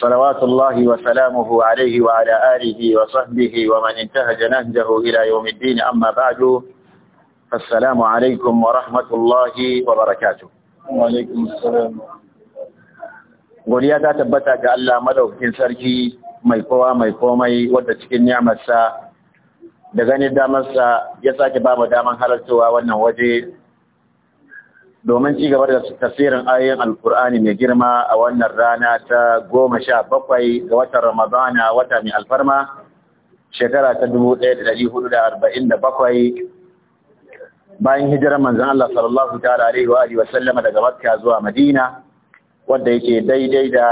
صلوات الله وسلامه عليه وعلى آله وصحبه ومن انتهج نهجه إلى يوم الدين أما بعد فالسلام عليكم ورحمة الله وبركاته وعليكم السلام godiya ta tabbata ga Allah madaukakin sarki mai kowa mai komai wadda cikin nyamarsa. da ganin damarsa ya sake ba mu daman halartowa wannan waje domin ci gaba da tafsirin ayoyin alkur'ani mai girma a wannan rana ta goma sha bakwai ga watan ramadana wata mai alfarma shekara ta dubu ɗaya da ɗari hudu da arba'in da bakwai bayan hijirar manzan Allah sallallahu ta'ala alaihi wa alihi sallama daga Makka zuwa Madina wanda yake daidai da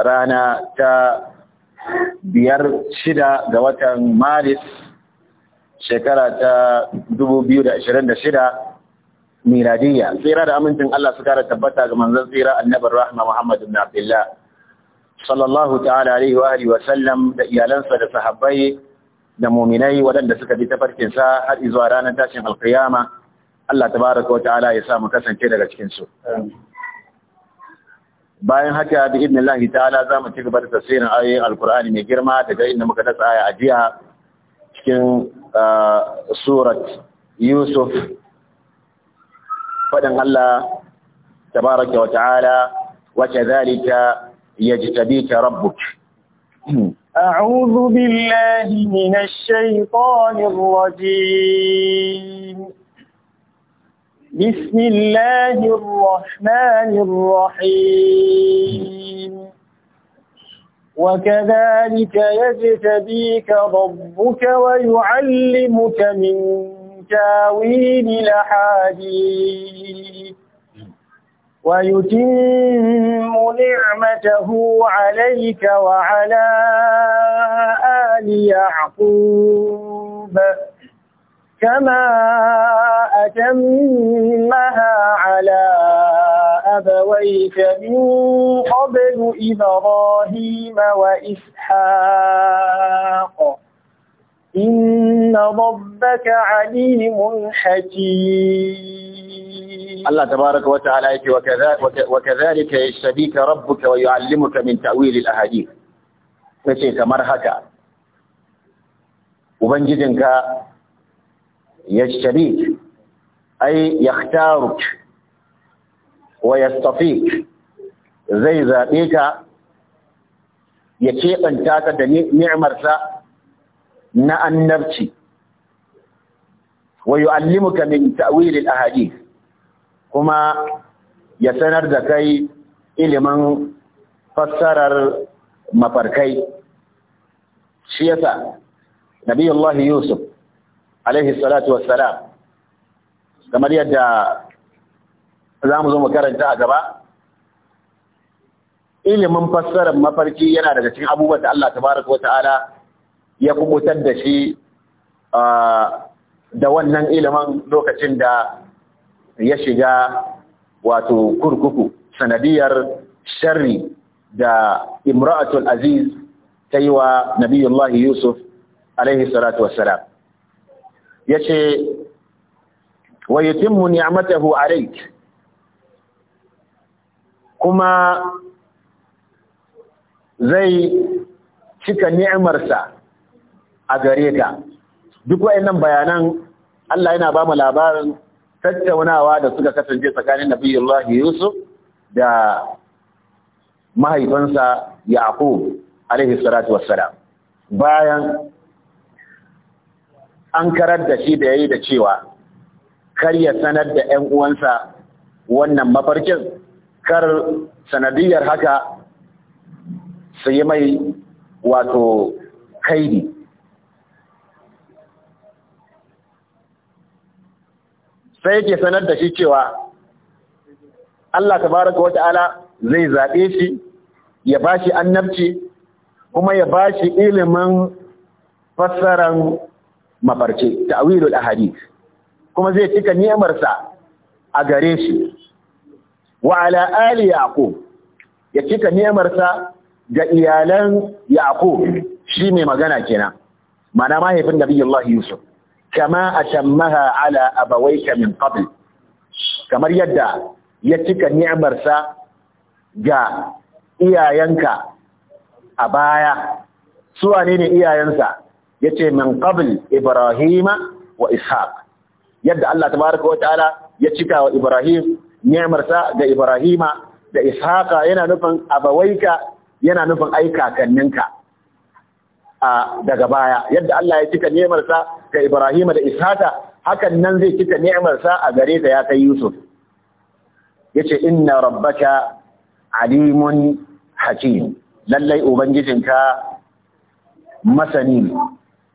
rana ta biyar shida ga watan Maris shekara ta dubu biyu da ashirin da shida miladiyya tsira da amincin Allah su kara tabbata ga manzon tsira annabar rahma Muhammad ibn Abdullah sallallahu ta'ala alaihi wa alihi wa sallam da iyalansa da sahabbai da mu'minai waɗanda suka bi tafarkin sa har zuwa ranar tashin alqiyama Allah tabaraka wa ta'ala ya sa mu kasance daga cikin su bayan haka bi idnillahi ta'ala zamu ci gaba da tafsirin ayoyin alqur'ani mai girma daga inda muka dasa aya a jiya cikin ah, surat yusuf فدن الله تبارك وتعالى وكذلك يجتبيك ربك أعوذ بالله من الشيطان الرجيم بسم الله الرحمن الرحيم وكذلك يجتبيك ربك ويعلمك من تاويل الأحاديث ويتم نعمته عليك وعلى آل يعقوب كما أتمها على أبويك من قبل إبراهيم وإسحاق إن ربك عليم حكيم الله تبارك وتعالى وكذلك يجتبيك ربك ويعلمك من تأويل الأحاديث فشيك مرهكا وبنجدنك يجتبيك أي يختارك ويستفيك زي ذاتيك يشيق انتاك نعمر ذاتيك na annabci wa yu'allimuka min ta'wil al-ahadith kuma ya sanar da kai ilimin fassarar mafarkai shi yasa nabiyullah yusuf alaihi salatu wassalam kamar yadda za mu zo mu karanta a gaba ilimin fassarar mafarki yana daga cikin abubuwan da Allah tabaraka ta'ala ya kubutar da shi da wannan ilimin lokacin da ya shiga wato kurkuku sanadiyar sharri da imra'atul aziz ta yi wa nabiyullahi yusuf alaihi salatu wassalam ya ce ni a ni'matahu alaik kuma zai cika ni'amarsa a gare ta duk wayannan bayanan Allah yana ba mu labarin tattaunawa da suka kasance tsakanin Nabiyullah Yusuf da mahaifinsa Yaqub alaihi salatu wassalam bayan an karar da shi da yayi da cewa kar ya sanar da ƴan uwansa wannan mafarkin kar sanadiyar haka su mai wato kaidi sai yake sanar da shi cewa Allah tabaraka wata'ala zai zaɓe shi ya bashi annabci kuma ya bashi ilimin fassaran mafarce ta'wilul ahadith kuma zai cika ni'amarsa a gare shi wa ala ali yaqub ya cika ni'amarsa ga iyalan yaqub shi mai magana kenan ma'ana mahaifin nabiyullahi yusuf kama atammaha ala abawayka min kamar yadda ya cika ni'amarsa ga iyayenka a baya su wane ne iyayensa yace min qabl ibrahima wa ishaq yadda Allah tabaaraka wa ta'ala ya cika wa ibrahim ni'amarsa ga ibrahima da ishaqa yana nufin yana nufin aika kakanninka daga baya yadda Allah ya cika ni'imarsa ga Ibrahim da Ishaka hakan nan zai cika ni'imarsa a gare ka ya kai Yusuf yace inna rabbaka alimun hakim lallai ka masani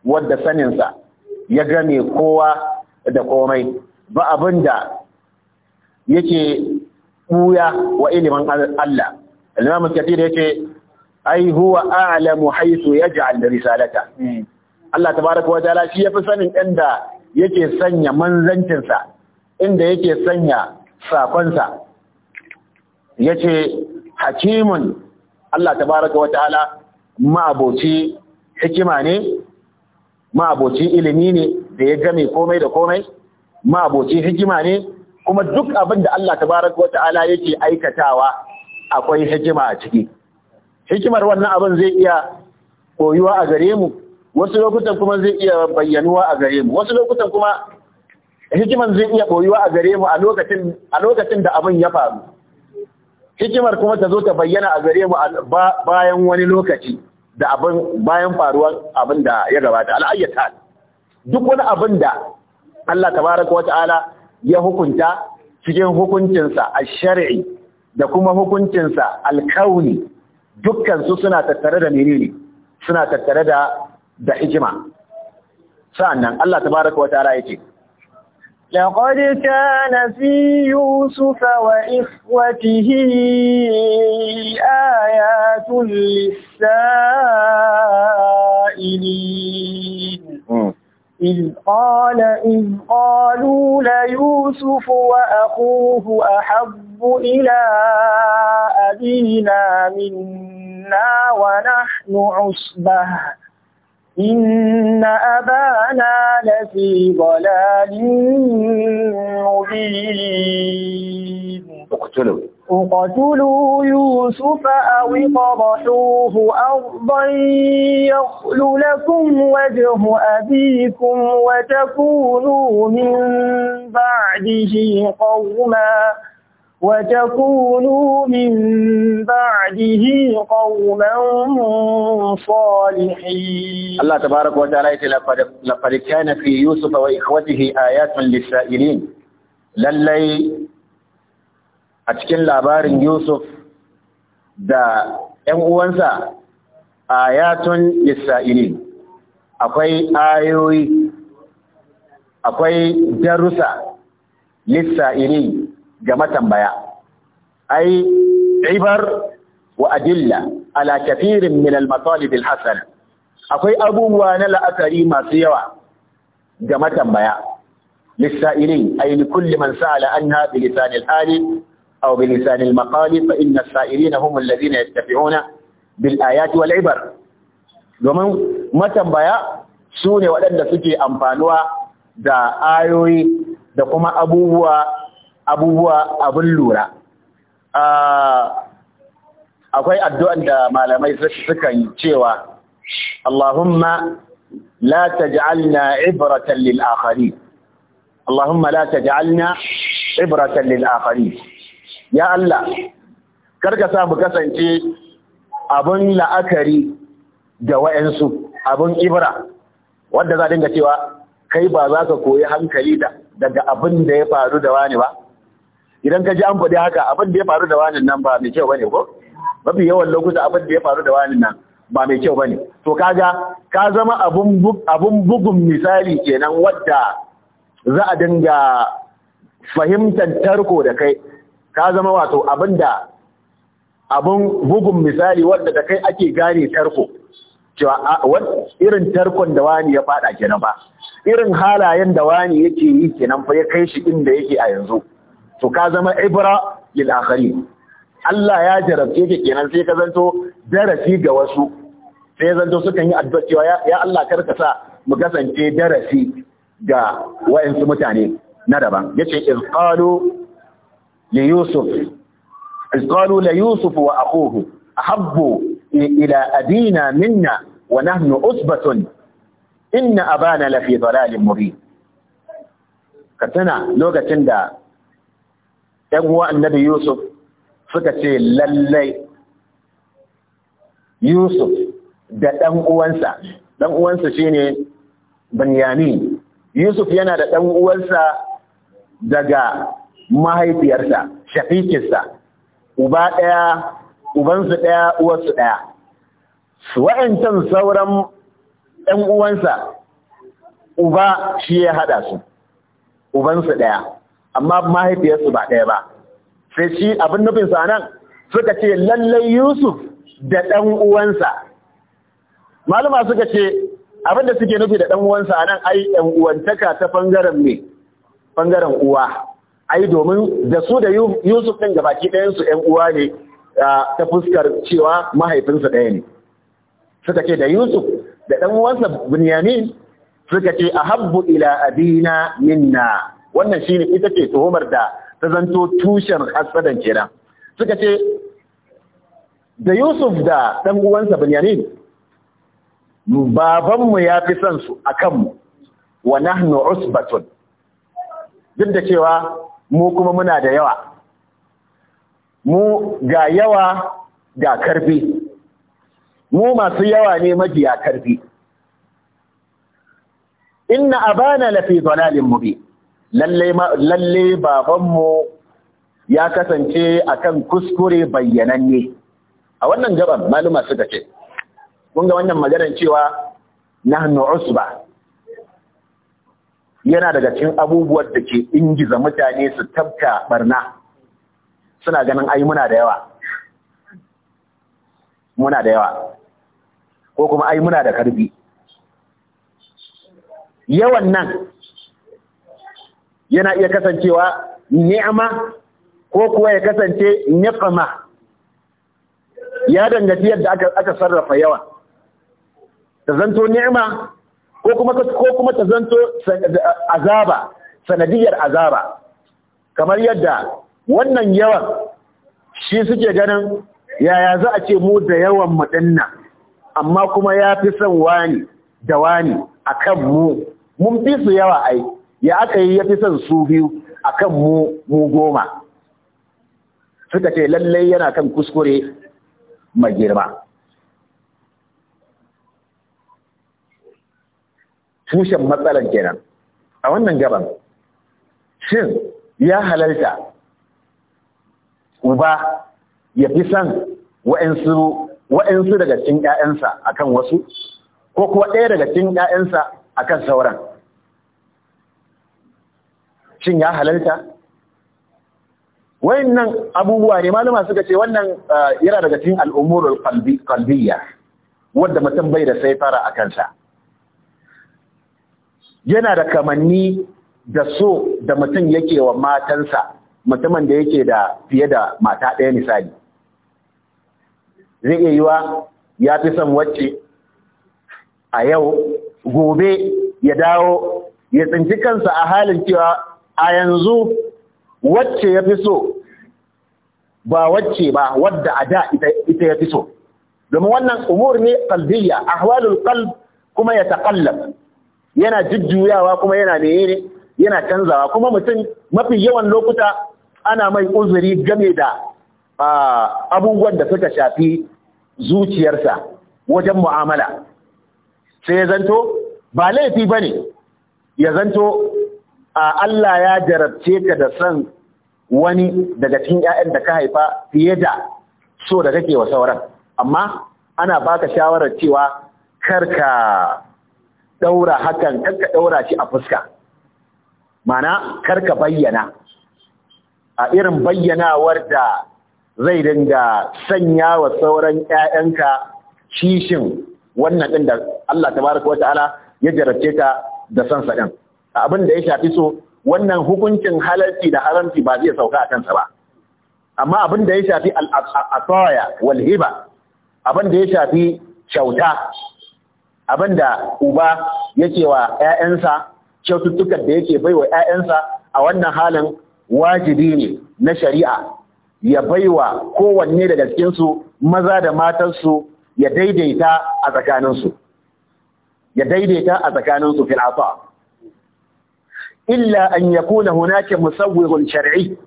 wadda saninsa ya gane kowa da komai ba abinda yake buya wa ilimin Allah al-Imam Kathir yace ai huwa a'lamu haythu yaj'al risalata Allah tabaaraka wa ta'ala shi yafi sanin inda yake sanya manzancin sa inda yake sanya sakon sa yace hakimun Allah tabaaraka wa ta'ala ma'aboci hikima ne ma'aboci ilimi ne da ya game komai da komai ma'aboci hikima ne kuma duk abin da Allah tabaaraka wa ta'ala yake aikatawa akwai hikima a ciki hikimar wannan abin zai iya koyuwa a gare mu wasu lokutan kuma zai iya bayyanuwa a gare mu wasu lokutan kuma hikimar zai iya koyuwa a gare mu a lokacin da abin ya faru hikimar kuma ta zo ta bayyana a gare mu bayan wani lokaci da abin bayan faruwar abin da ya gabata al'ayyata duk wani abin da Allah tabaraka wata'ala ya hukunta cikin hukuncinsa a shari'i da kuma hukuncinsa alkauni dukkan su suna tattare da menene suna tattare da da ijma sa'annan Allah tabaaraka wa ta'ala yake laqad kana fi yusuf wa ikhwatihi وإخوته lis للسائلين إذ قال إذ قالوا ليوسف وأخوه أحب أحب إلى أبينا منا ونحن عصبة إن أبانا لفي ضلال مبين اقتلوا اقتلوا يوسف أو اطرحوه أرضا يخل لكم وجه أبيكم وتكونوا من بعده قوما وتكونوا من بعده قوما صالحين الله تبارك وتعالى لقد كان في يوسف وإخوته آيات للسائلين للي أتكن لابار يوسف دا أموانسا آيات للسائلين أقوي آيوي أقوي درسا للسائلين ga matambaya أي عبر وأدلة على كثير من المطالب الحسنة أخي أبو وانا لأثري ما سيوا جمة بيا للسائلين أي لكل من سأل عنها بلسان الحال أو بلسان المقال فإن السائلين هم الذين يتبعون بالآيات والعبر domin matambaya su ne waɗanda suke amfanuwa da ayoyi da kuma abubuwa abubuwa abin lura akwai addu'an da malamai sukan cewa Allahumma la taj'alna ibratan lil akharin Allahumma la taj'alna ibratan lil akharin ya Allah karka sa mu kasance abun la'akari da wayansu abin ibra wadda za dinga cewa kai ba za ka koyi hankali da daga abin da ya faru da wani ba idan ka ji an faɗi haka abin da ya faru da wani nan ba mai kyau bane ko mafi yawan lokuta abin da ya faru da wani nan ba mai kyau bane to kaga ka zama abun abun bugun misali kenan wadda za a dinga fahimtar tarko da kai ka zama wato abin da abun bugun misali wadda da kai ake gane tarko cewa irin tarkon da wani ya fada kenan ba irin halayen da wani yake yi kenan fa ya kai shi inda yake a yanzu to ka zama ibra lil akharin Allah ya jarabce ka kenan sai ka zanto darasi ga wasu sai zanto sukan yi addu'a cewa ya Allah kar ka sa mu kasance darasi ga wayansu mutane na daban yace iz qalu li yusuf iz qalu li yusuf wa akhuhu ahabbu ila abina minna wa nahnu usbatun inna abana la fi dhalalin mubin ka lokacin da ‘yan uwa annabi Yusuf suka ce lallai Yusuf da ɗan uwansa, ɗan uwansa shi ne banyani. Yusuf yana da ɗan uwansa daga mahaifiyarsa, shafikinsa, uba ɗaya, ubansu ɗaya, uwarsu ɗaya. Wa'yancan sauran ɗan uwansa, uba shi ya haɗa su, ubansu ɗaya. amma mahaifiyarsu ba ɗaya ba sai shi abin nufin sa nan suka ce lallai Yusuf da ɗan uwansa malama suka ce abin da suke nufi da ɗan uwansa a nan ai ɗan uwantaka ta ɓangaren me ɓangaren uwa ai domin da su da Yusuf ɗin gabaki ɗayansu ‘yan uwa ne ta fuskar cewa mahaifinsa ɗaya ne. Suka ce da Yusuf da ɗan uwansa Bunyamin suka ce a habbu ila abina minna wannan shi ne ita ce tuhumar da ta zanto tushen hasadan kenan suka ce da Yusuf da ɗan uwansa Binyamin babanmu ya fi son su a kanmu wa nahnu usbatun duk da cewa mu kuma muna da yawa mu ga yawa ga karfi mu masu yawa ne majiya karfi inna abana lafi dalalin mubin lalle babanmu ya kasance a kan kuskure bayyananne a wannan gaban maluma suka ce kun ga wannan maganar cewa nahnu usba yana daga cikin abubuwan da ke ingiza mutane su tabka barna suna ganin ai muna da yawa muna da yawa ko kuma ai muna da karbi yawan nan yana iya kasancewa ni'ama ko kuwa ya kasance niqama ya danganci yadda aka sarrafa yawa ta zanto ni'ama ko kuma ta zanto azaba sanadiyar azaba kamar yadda wannan yawan shi suke ganin yaya za a ce mu da yawan mu amma kuma ya fi son wani da wani akan mu mun fi su yawa ai ya aka yi ya fi son su biyu a kan mu goma suka ce lallai yana kan kuskure mai girma tushen matsalan kenan a wannan gaban shin ya halarta uba ya fi son wa'insu daga cin ‘ya'yansa a kan wasu ko kuwa ɗaya daga cin ‘ya'yansa a kan sauran shin ya halarta wayannan abubuwa ne malama suka ce wannan uh, yana daga cikin al'umurul qalbiyya wadda mutum bai da sai fara a kansa yana da kamanni da so da mutum yake wa matansa mutumin da yake da fiye da mata ɗaya misali zai yi wa ya fi son wacce a yau gobe ya dawo ya tsinci kansa a halin cewa a yanzu wacce ya fi so ba wacce ba wadda a da ita ya fi so domin wannan umur ne a ahwalul kalb kuma ya taqallab yana jujjuyawa kuma yana ne yana canzawa kuma mutum mafi yawan lokuta ana mai uzuri game da abubuwan da suka shafi zuciyarsa wajen mu'amala sai ya zanto ba laifi ba ne ya zanto A Allah ya jarabce ka da son wani daga cikin ‘ya'yan da ka haifa fiye da so da kake wa sauran. Amma ana baka shawarar cewa karka ɗaura hakan, karka ɗaura shi a fuska. Mana karka bayyana. A irin bayyanawar da zai dinga sanya wa sauran ‘ya'yanka kishin wannan ɗin da Allah ta baraka wa ala ya jarabce ka da son sa ɗin. abin da ya shafi so wannan hukuncin halarci da haramci ba zai sauka a kansa ba amma abin da ya shafi al’asoya walhiba abin da ya shafi kyauta abin da uba yake wa 'ya'yansa kyaututtukan da yake baiwa 'ya'yansa a wannan halin wajibi ne na shari'a ya baiwa kowanne daga cikinsu maza da matarsu ya daidaita a tsakaninsu ya daidaita a tsakaninsu fil'afa illa an kuna hunake musawwirun shar'i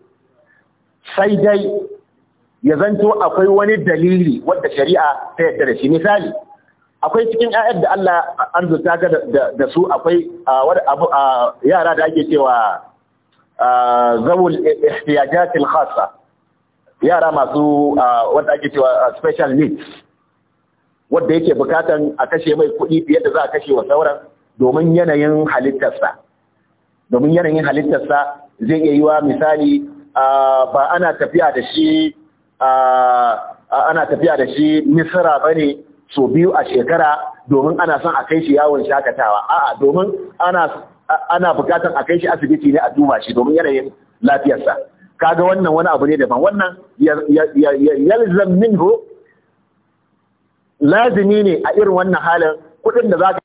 sai dai ya zanto akwai wani dalili wadda shari'a ta yadda da shi misali akwai cikin ayar da Allah an zuta ga da su akwai yara da ake cewa zawul ihtiyajatil khassa yara masu wanda ake cewa special needs wadda yake bukatan a kashe mai kuɗi fiye da za a kashe wa sauran domin yanayin halittarsa domin yanayin halittarsa zai iya yi wa misali ba ana tafiya da shi ana tafiya da shi misira ba ne so biyu a shekara domin ana son a kai shi yawon shakatawa a'a domin ana ana bukatar a kai shi asibiti ne a duba shi domin yanayin lafiyarsa kaga wannan wani abu ne daban wannan yalzam minhu lazimi ne a irin wannan halin kuɗin da za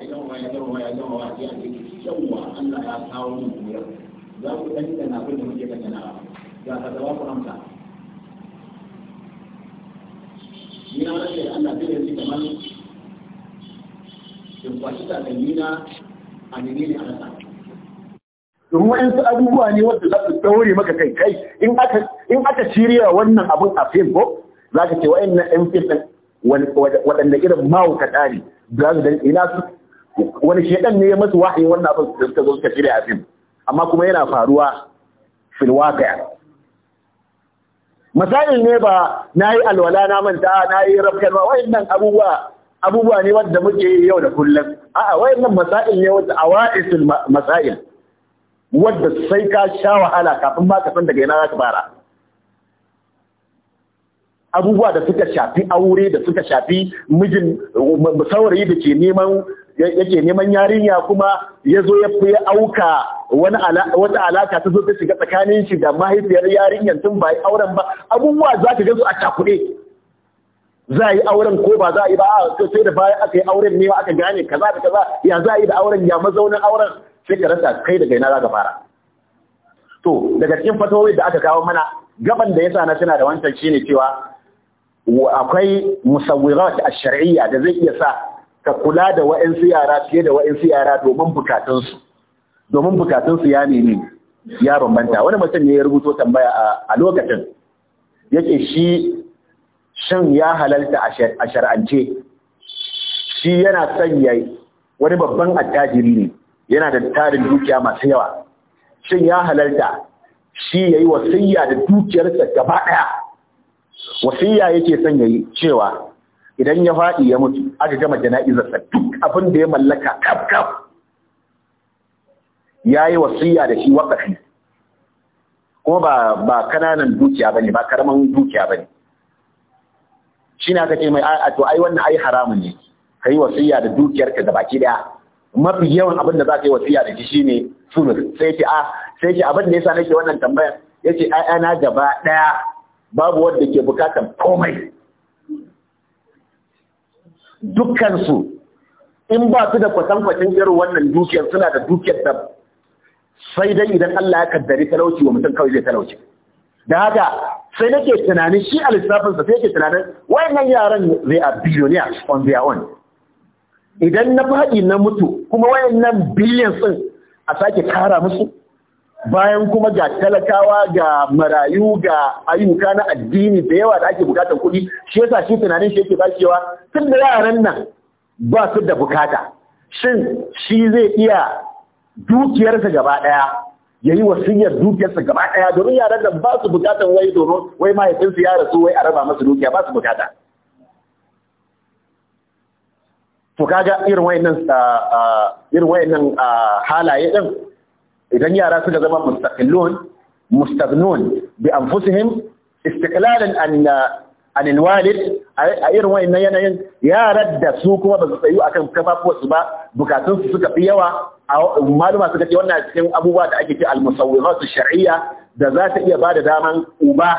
yawa yawa yawa ya ce yawa Allah ya kawo mu goyar za ku dan da na da muke da na ya ka zawa ku amsa ni na rage Allah zai yanzu kamar in kwashi ta da ni na a ne ne a rasa domin wa'ansu abubuwa ne wanda za su daure maka kai kai in aka shirya wannan abin a fim ko za ka ce wa'annan yan fim ɗin waɗanda irin mawuka ɗari za su dan ina su wani shaidan ne ya masu wahayi wannan abin da suka zo suka shirya a fim amma kuma yana faruwa filwaka waqi'a misalin ne ba na yi alwala na manta na yi rafkan ba wayannan abubuwa abubuwa ne wanda muke yau da kullum a'a nan masail ne wanda awaisul masail Wadda sai ka sha wahala kafin ma ka san daga ina ka fara abubuwa da suka shafi aure da suka shafi mijin saurayi da ke neman yake neman yarinya kuma ya zo ya fi auka wata alaka ta zo ta shiga tsakanin shi da mahaifiyar yarinyar tun ba yi auren ba abubuwa za ka gansu a cakuɗe za a yi auren ko ba za a yi ba a sai da baya aka yi auren ne aka gane kaza da kaza ya za a yi da auren ya mazaunin auren sai ka rasa kai da ina za ka fara to daga cikin fatawoyi da aka kawo mana gaban da yasa na tana da wancan shine cewa akwai musawwirat ash-shar'iyya da zai iya sa ka kula da wa'insu yara fiye da wa'insu yara domin bukatunsu domin bukatunsu ya nemi ya bambanta wani mutum ne ya rubuto tambaya a lokacin yake shi shan ya halalta a shar'ance shi yana son wani babban attajiri ne yana da tarin dukiya masu yawa shin ya halalta shi ya yi wasiyya da dukiyarsa gaba ɗaya wasiyya yake son ya yi cewa idan ya faɗi ya mutu aka gama jana'izarsa duk abin da ya mallaka kaf kaf ya yi wasiya da shi waƙafi kuma ba kananan dukiya ne, ba karamin dukiya ne shi ne kake mai ato ai wannan ai haramun ne ka yi wasiya da dukiyarka da baki daya mafi yawan abin da za ka yi wasiya da shi shine sulus sai ce a ah, sai ce abin da yasa nake wannan tambayar yace ai ana gaba daya babu wanda ke bukatar komai dukkansu in ba su da kwatankwacin irin wannan dukiyar suna da dukiyar da sai dai idan Allah ya kaddari talauci wa mutum kawai zai talauci da haka sai nake tunanin shi a lissafinsa sai yake tunanin wayannan yaran zai a billionaires on their own idan na faɗi na mutu kuma wayannan billions din a sake kara musu bayan kuma ga talakawa ga marayu ga ayyuka na addini da yawa da ake bukatar kuɗi shi yasa shi tunanin shi yake bashewa tun da yaran nan ba su da bukata shin shi zai iya dukiyarsa gaba ɗaya ya yi wasiyar dukiyarsa gaba ɗaya domin yaran nan ba su bukatar wai domin wai mahaifinsu ya rasu wai a raba masu dukiya ba su bukata to kaga irin wayannan ah, ah, irin wayannan ah, halaye din idan yara suka zama mustaqillun mustaghnun bi anfusihim istiqlalan an uh, an alwalid a irin wayannan yanayin yaran da su kuma ba su tsayu akan kafafuwarsu ba bukatun su suka fi yawa maluma suka ce wannan cikin abubuwa da ake ce almusawwiratu shar'iyya da za ta iya bada daman uba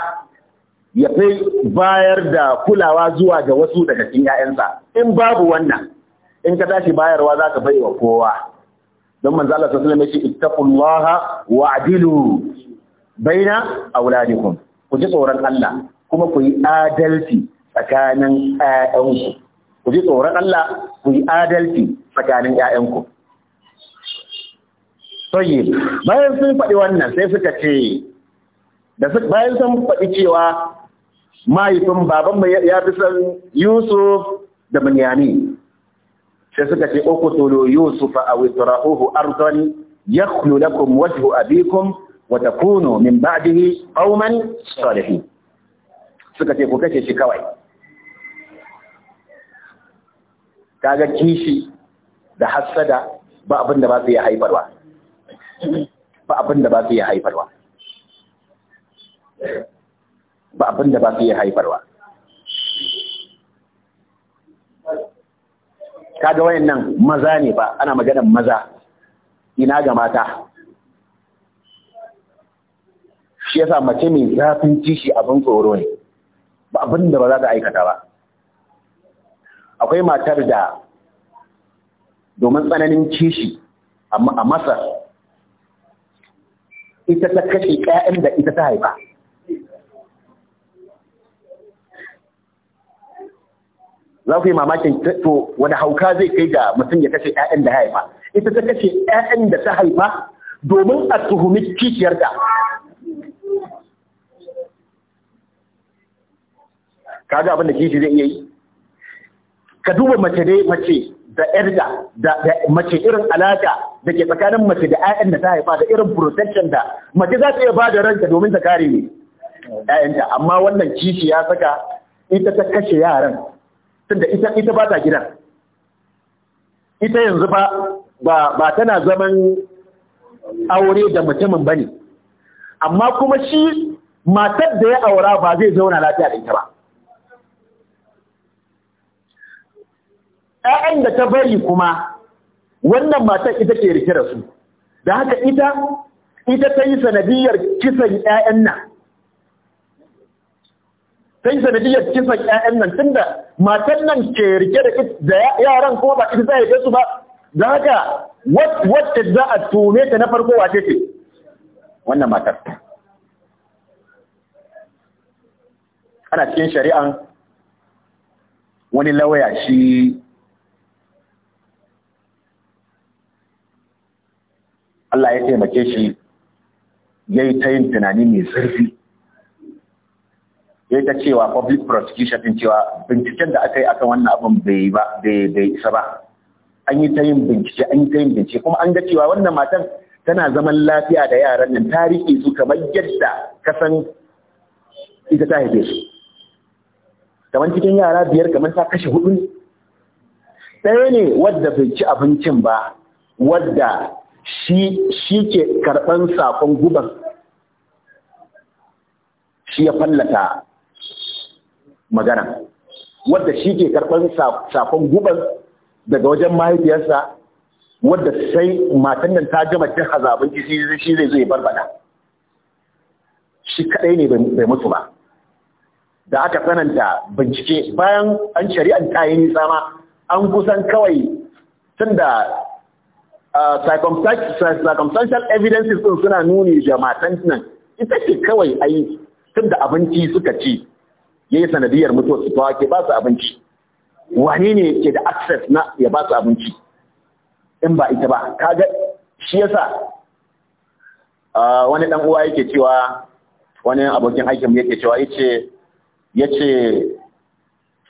ya fi bayar da kulawa zuwa ga wasu daga cikin 'ya'yansa in babu wannan in ka tashi bayarwa za ka bai wa kowa don manzo Allah sallallahu alaihi wasallam yace ittaqullaha wa'dilu baina auladikum ku ji tsoron Allah kuma ku yi adalci tsakanin ƴaƴanku ku ji tsoron Allah ku yi adalci tsakanin ƴaƴanku tayyib bayan sun faɗi wannan sai suka ce da bayan sun faɗi cewa mahaifin baban ya fi san Yusuf da Bunyamin sai suka ce a wutura aw itrahuhu ya yakhlu lakum wajhu abikun wata kuno min ba'dihi auman salihin suka ce ku kashe shi kawai kaga kishi da hasada ba abin da ba su yi haifarwa ba abin da ba su yi haifarwa ba abin da ba su yi haifarwa kaga wayannan maza ne ba ana maganar maza ina ga mata shi yasa mace mai zafin kishi abin tsoro ne ba abin da ba za ta aikata ba akwai matar da domin tsananin kishi a masar ita ta kashe 'ya'yan da ita ta haifa za ku yi mamakin to wani hauka zai kai ga mutum ya kashe 'ya'yan da haifa ita ta kashe 'ya'yan da ta haifa domin a tuhumi kishiyarta kaga abin da kishi zai iya yi ka duba mace dai mace da yarda da mace irin alaka da ke tsakanin mace da 'ya'yan da ta haifa da irin protection da mace za ta iya ba da ranta domin ta kare ne 'ya'yanta amma wannan kishi ya saka ita ta kashe yaran tunda ita ita ba ta gidan ita yanzu ba ba tana zaman aure da mutumin bane amma kuma shi matar da ya aura ba zai zauna lafiya da ita ba ‘ya'yan da ta bari kuma wannan matar ita ke rike da su, da haka ita, ita ta yi sanadiyar kisan ‘ya'yan nan, ta yi sanadiyar kisan ƴaƴan nan tunda matan nan ke rike da yaran kuma ba ita zai ya su ba da haka wacce za a tume ta na farko wace ce wannan matar ana cikin shari'an wani lawaya shi Allah ya taimake shi ya yi ta yin tunani mai zurfi ya ga cewa public prosecution din cewa binciken da aka yi akan wannan abin bai ba bai isa ba an yi ta yin bincike an yi ta yin bincike kuma an ga cewa wannan matan tana zaman lafiya da yaran nan tarihi su kamar yadda kasan ita ta haife su kamar cikin yara biyar kamar ta kashe hudu ne ɗaya ne wadda bai ci abincin ba wadda shi ke karɓan sakon guban shi ya fallata magana wadda shi ke karɓar safon guban daga wajen mahaifiyarsa wadda sai matan nan ta gama jin hazabin shi zai zai barbada shi kaɗai ne bai mutu ba da aka tsananta bincike bayan an shari'an ta yi nisa ma an kusan kawai tun da circumstantial evidences din suna nuni da matan nan ita ce kawai ai tun da abinci suka ci ya yi sanadiyar mutuwar su tawa ke ba su abinci Wani ne ke da access na ya ba su abinci in ba ita ba kaga shi yasa wani dan uwa yake cewa wani abokin aikin yake cewa yace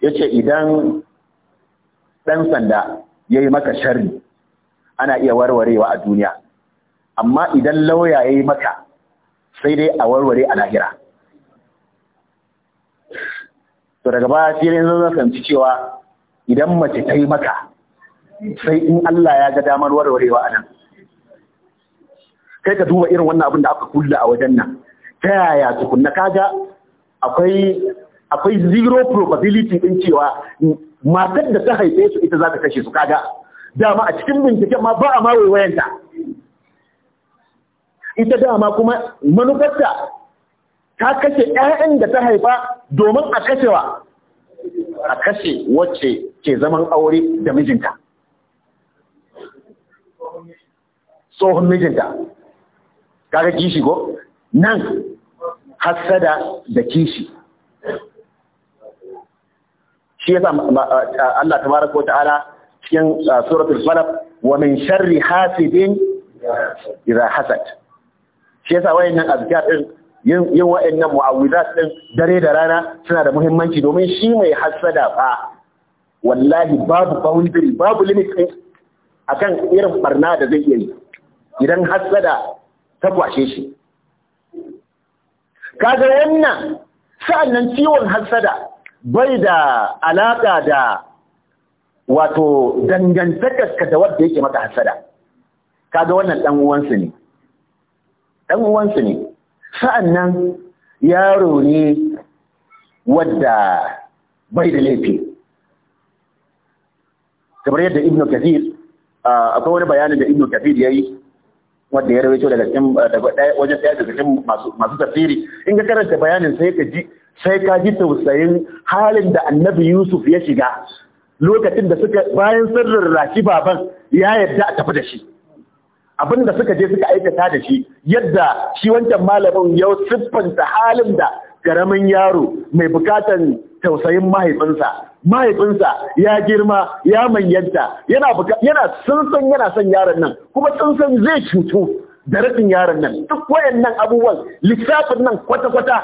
yace idan ɗan sanda yayi maka sharri ana iya warwarewa a duniya amma idan lauya yayi maka sai dai a warware a lahira to daga baya sai ne zan fahimci cewa idan mace ta yi maka sai in Allah ya ga damar warwarewa a nan kai ka duba irin wannan abin da aka kulla a wajen nan ta yaya tukunna kaga akwai akwai zero probability din cewa matar da ta haife su ita za ta kashe su kaga dama a cikin binciken ma ba a ma waiwayanta ita dama kuma manufarta ta kashe yayan da ta haifa domin a kashewa a kashe wacce ke zaman aure da mijinta tsohon mijinta kaga kishi ko nan hassada da kishi shi sa Allah Ta tabaraka ta'ala cikin suratul falab wa min sharri hasidin ira hasad shi ya sa wayan nan a din yin yin wa'annan mu'awizat din dare da rana suna da muhimmanci domin shi mai hasada ba. wallahi babu boundary babu limit din akan irin barna da zai yi idan hasada ta kwashe shi kaga wannan sa'annan ciwon hasada bai da alaƙa da wato dangantakarka da wadda yake maka hasada kaga wannan dan uwansu ne dan uwansu ne sa'annan yaro ne wadda bai da laifi kamar yadda ibnu kathir akwai wani bayani da ibnu ya yi wanda ya rawaito daga cikin wajen daya daga cikin masu tafsiri in ka karanta bayanin sai ka ji sai ka ji tausayin halin da annabi yusuf ya shiga lokacin da suka bayan sirrin rashi baban ya yarda a tafi da shi abin da suka je suka aikata da shi yadda shi wancan malamin ya siffanta halin da karamin yaro mai bukatan tausayin mahaifinsa mahaifinsa ya girma ya manyanta yana yana san yana son yaron nan kuma san zai cutu da raɗin yaron nan duk wayannan abubuwan lissafin nan kwata-kwata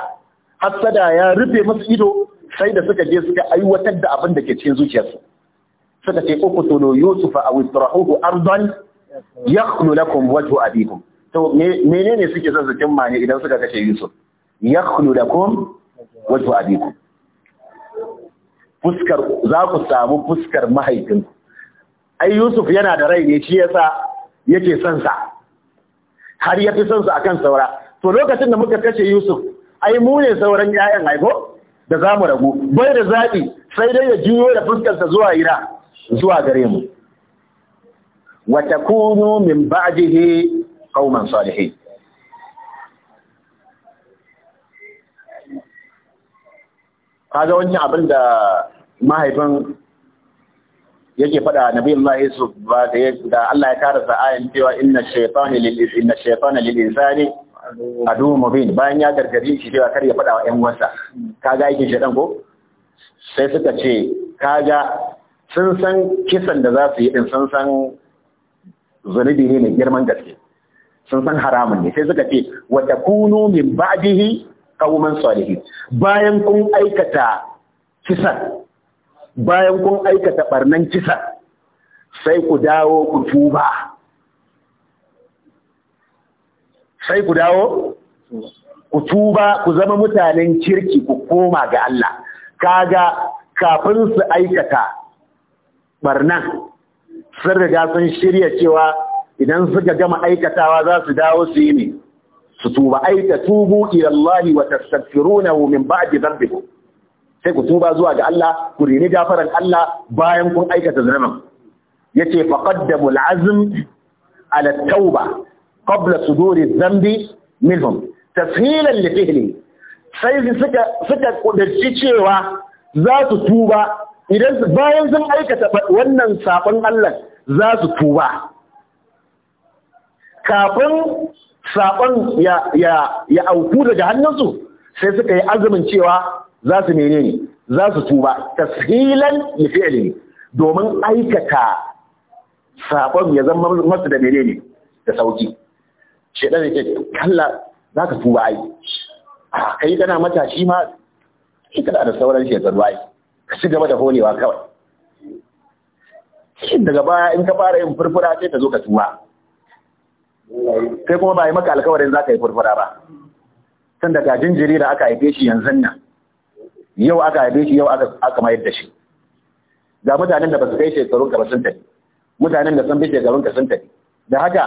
hassada ya rufe masu ido sai da suka je suka aiwatar da abin da ke cikin zuciyarsu suka ce uku tono yusufa a wisrahuhu ardan yakhlu lakum wajhu abikum to menene suke son su cimma idan suka kashe Yusuf yakhlu lakum wajhu abikum fuskar za ku samu fuskar mahaifinku ai Yusuf yana da rai ne shi yasa yake son sa har ya fi son sa akan saura to lokacin da muka kashe Yusuf ai mu ne sauran 'ya'yan haifo da zamu ragu bai da zaɓi, sai dai ya juyo da fuskar sa zuwa ira zuwa gare mu wa takunu min ba'dihi qauman salihin kaga wannan abin da mahaifin yake faɗa nabi Allah Yusuf ba da Allah ya karasa ayan cewa inna shaytana lil inna shaytana lil insani adu mubin bayan ya gargadi shi cewa kar ya faɗa wa ƴan uwansa kaga yake shedan ko sai suka ce kaga sun san kisan da za su yi din sun san zunubi ne mai girman gaske sun san haramun ne sai suka ce Wata kunu min ba'dihi qauman salihin bayan kun aikata kisa bayan kun aikata barnan kisa sai ku dawo ku tuba sai ku dawo ku tuba ku zama mutanen kirki ku koma ga Allah kaga kafin su aikata barnan sun riga sun shirya cewa idan suka gama aikatawa za su dawo su yi ne su tuba ai ta tubu ila wa tastaghfirunahu min ba'di dhanbikum sai ku tuba zuwa ga Allah ku rini gafaran Allah bayan kun aikata zunubin yace faqaddamu al-azm ala tauba qabla suduri dhanbi minhum tafhilan li fihli sai suka suka kudarci cewa za su tuba idan su bayan sun aikata wannan sabon Allah za su tuba kafin sabon ya auku daga hannunsu sai suka yi azumin cewa za su menene za su tuba tashilan li fi'li domin aikata sabon ya zama masu da menene da sauki shedan yake kalla za ka tuba ai a ah, kai kana matashi ma kika da sauran shekaru ai ka ci gaba da horewa kawai shin daga baya in ka fara yin furfura sai ka zo ka tuwa kai kuma ba yi maka alkawarin za ka yi furfura ba tun daga jinjiri da aka haife shi yanzu nan yau aka haife shi yau aka mayar da shi ga mutanen da ba su kai shekarun ka ba sun tafi mutanen da sun bi shekarun ka sun tafi da haka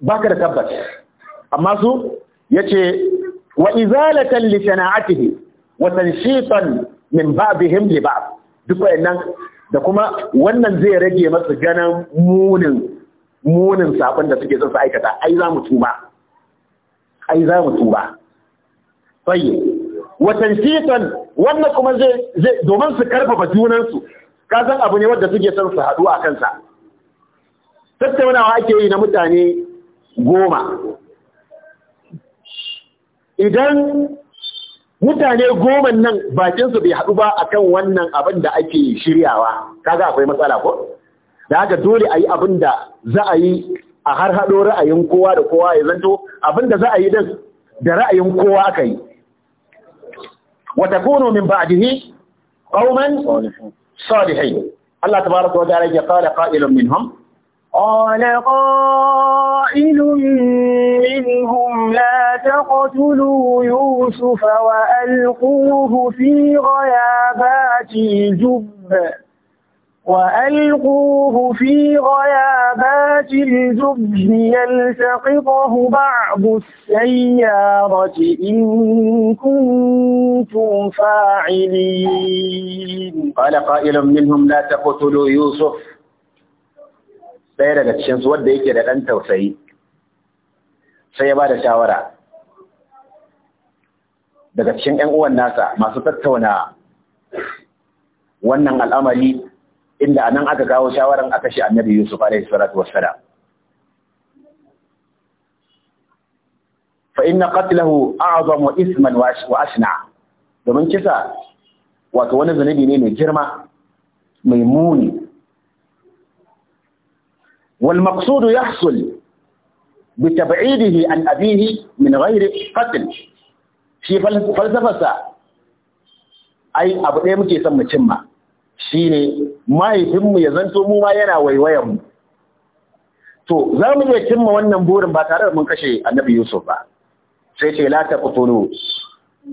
ba ka da tabbas amma su ya ce wa izalatan li shana'atihi wa tanshitan min ba'dihim li ba'd duk wayannan da kuma wannan zai rage masu ganin munin munin sabon da suke son su aikata ai za mu tuba ai za mu tuba sai watan shitan wannan kuma zai domin su karfafa junansu ka san abu ne wanda suke son su haɗu a kansa tattaunawa ake yi na mutane goma idan mutane goma nan bakinsu bai haɗu ba akan wannan abin da ake shiryawa kaga akwai matsala ko da haka dole a yi abin da za a yi a har haɗo ra'ayin kowa da kowa ya zanto abin da za a yi don da ra'ayin kowa aka yi wata kono min ba'dihi qauman salihin Allah ta tabaraka wa ta'ala ya qala qa'ilun minhum قال قائل منهم لا تقتلوا يوسف وألقوه في غيابات الجب وألقوه في غيابات الجب يلتقطه بعض السيارة إن كنتم فاعلين قال قائل منهم لا تقتلوا يوسف ɗaya daga cikinsu wadda yake da ɗan tausayi sai ya ba da shawara daga cikin ‘yan uwan nasa masu tattauna wannan al'amari inda a nan aka kawo shawaran a kashe annabi Yusuf alaihi salatu wassalam. Fa inna qatlahu a'zamu isman wa ashna domin kisa wato wani zunubi ne mai girma mai muni والمقصود يحصل بتبعيده عن أبيه من غير قتل shi falsafarsa ai abu ɗaya muke son mu cimma shi ne mahaifinmu ya zanto mu ma yana waiwayan mu to za mu iya cimma wannan burin ba tare da mun kashe annabi yusuf ba sai ce la taqtulu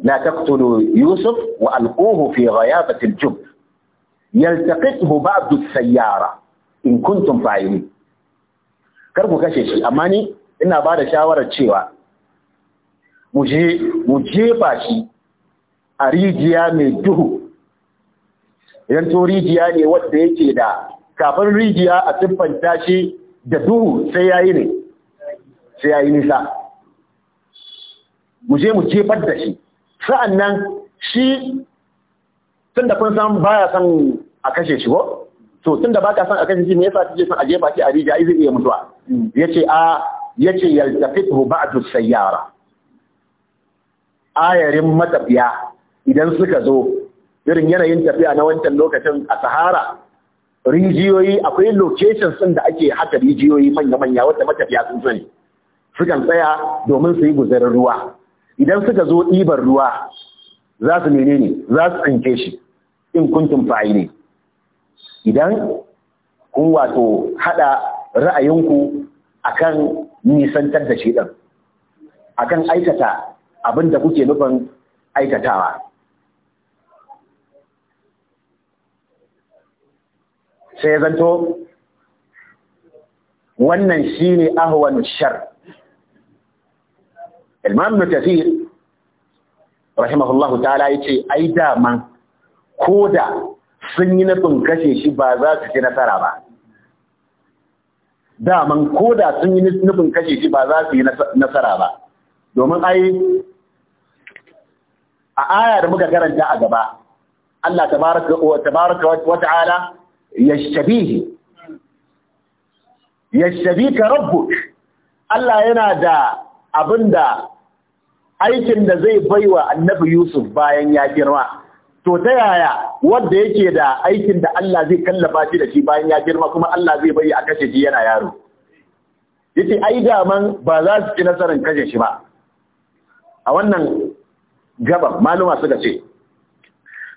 la taqtulu yusuf wa alquhu fi ghayabati aljub yaltaqithu ba'd as-sayyara in kuntum fa'ilin kar ku kashe shi amma ni ina ba da shawarar cewa mu jefa shi a rijiya mai duhu idan to rijiya ne wadda yake da kafin rijiya a siffanta shi da duhu sai yayi ne sai yayi nisa mu je mu jefar da shi sa'annan shi tun da kun san baya son a kashe shi ko to tunda baka son a kashe shi me yasa kake son a jefa shi a rija ai zai iya mutuwa mm. yace a yace yaltafithu ba'du sayyara ayarin matafiya idan suka zo irin yanayin tafiya na wancan lokacin a sahara rijiyoyi akwai locations din da ake haka rijiyoyi manya-manya wanda matafiya sun sani sukan tsaya domin su yi guzarin ruwa idan suka zo ɗibar ruwa za su menene za su tsinke shi in kuntum fa'ili idan kun wato haɗa ra'ayinku akan nisantar da shi ɗin akan aikata abin da kuke nufin aikatawa sai zanto wannan shi ne ahwan shar imam nutafir rahimahullahu ta'ala ya ce ai daman ko da sun yi nufin kashe shi ba za su ci nasara ba daman ko da sun yi nufin kashe shi ba za su yi nasara ba domin ai a aya da muka karanta a gaba Allah tabaraka wa ta'ala shabi ka rabbuk Allah yana da da aikin da zai baiwa annabi Yusuf bayan ya girma to ta yaya wanda yake da aikin da Allah zai kallafa shi da shi bayan ya girma kuma Allah zai bari a kashe shi yana yaro yace ai daman ba za su ci nasarar kashe shi ba a wannan gaban maluma suka ce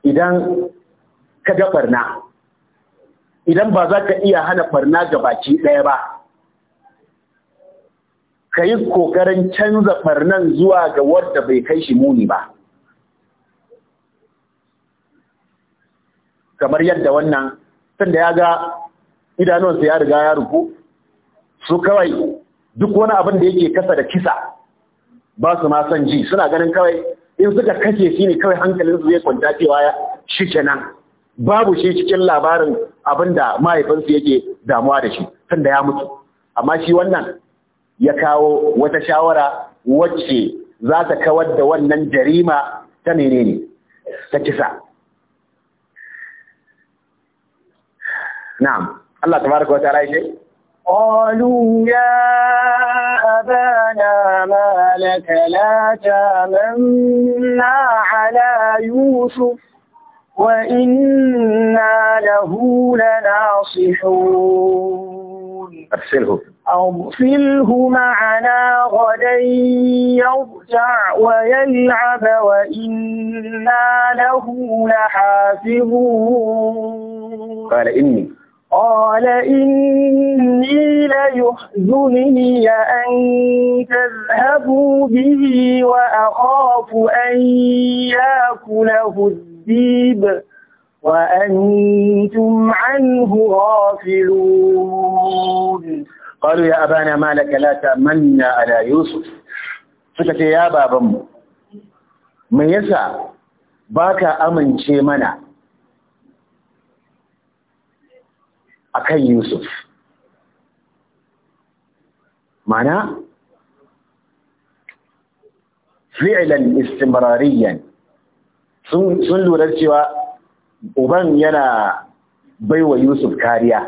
idan ka ga barna idan ba za ka iya hana barna ga baki ɗaya ba ka yi kokarin canza farnan zuwa ga wadda bai kai shi muni ba kamar yadda wannan tunda ya ga idanunsa ya riga ya rufu su kawai duk wani abin da yake kasa da kisa ba su ma son ji suna ganin kawai in suka kashe shi ne kawai hankalinsu zai kwanta cewa shi kenan babu shi cikin labarin abin da mahaifinsu yake damuwa da shi tunda ya mutu amma shi wannan ya kawo wata shawara wacce za ta kawar da wannan jarima ta menene ta kisa نعم الله تبارك وتعالى شيء إيه؟ قالوا يا أبانا ما لك لا تامنا على يوسف وإنا له لناصحون أرسله أرسله معنا غدا يرجع ويلعب وإنا له لحافظون قال إني قال إني ليحزنني أن تذهبوا به وأخاف أن يأكله الذيب وأنتم عنه غافلون قالوا يا أبانا ما لك لا تأمنا على يوسف فتك يا بابا من يسع باك أمن شيمنا akan Yusuf mana fi'ilan istimrariyan sun lura cewa uban yana baiwa Yusuf kariya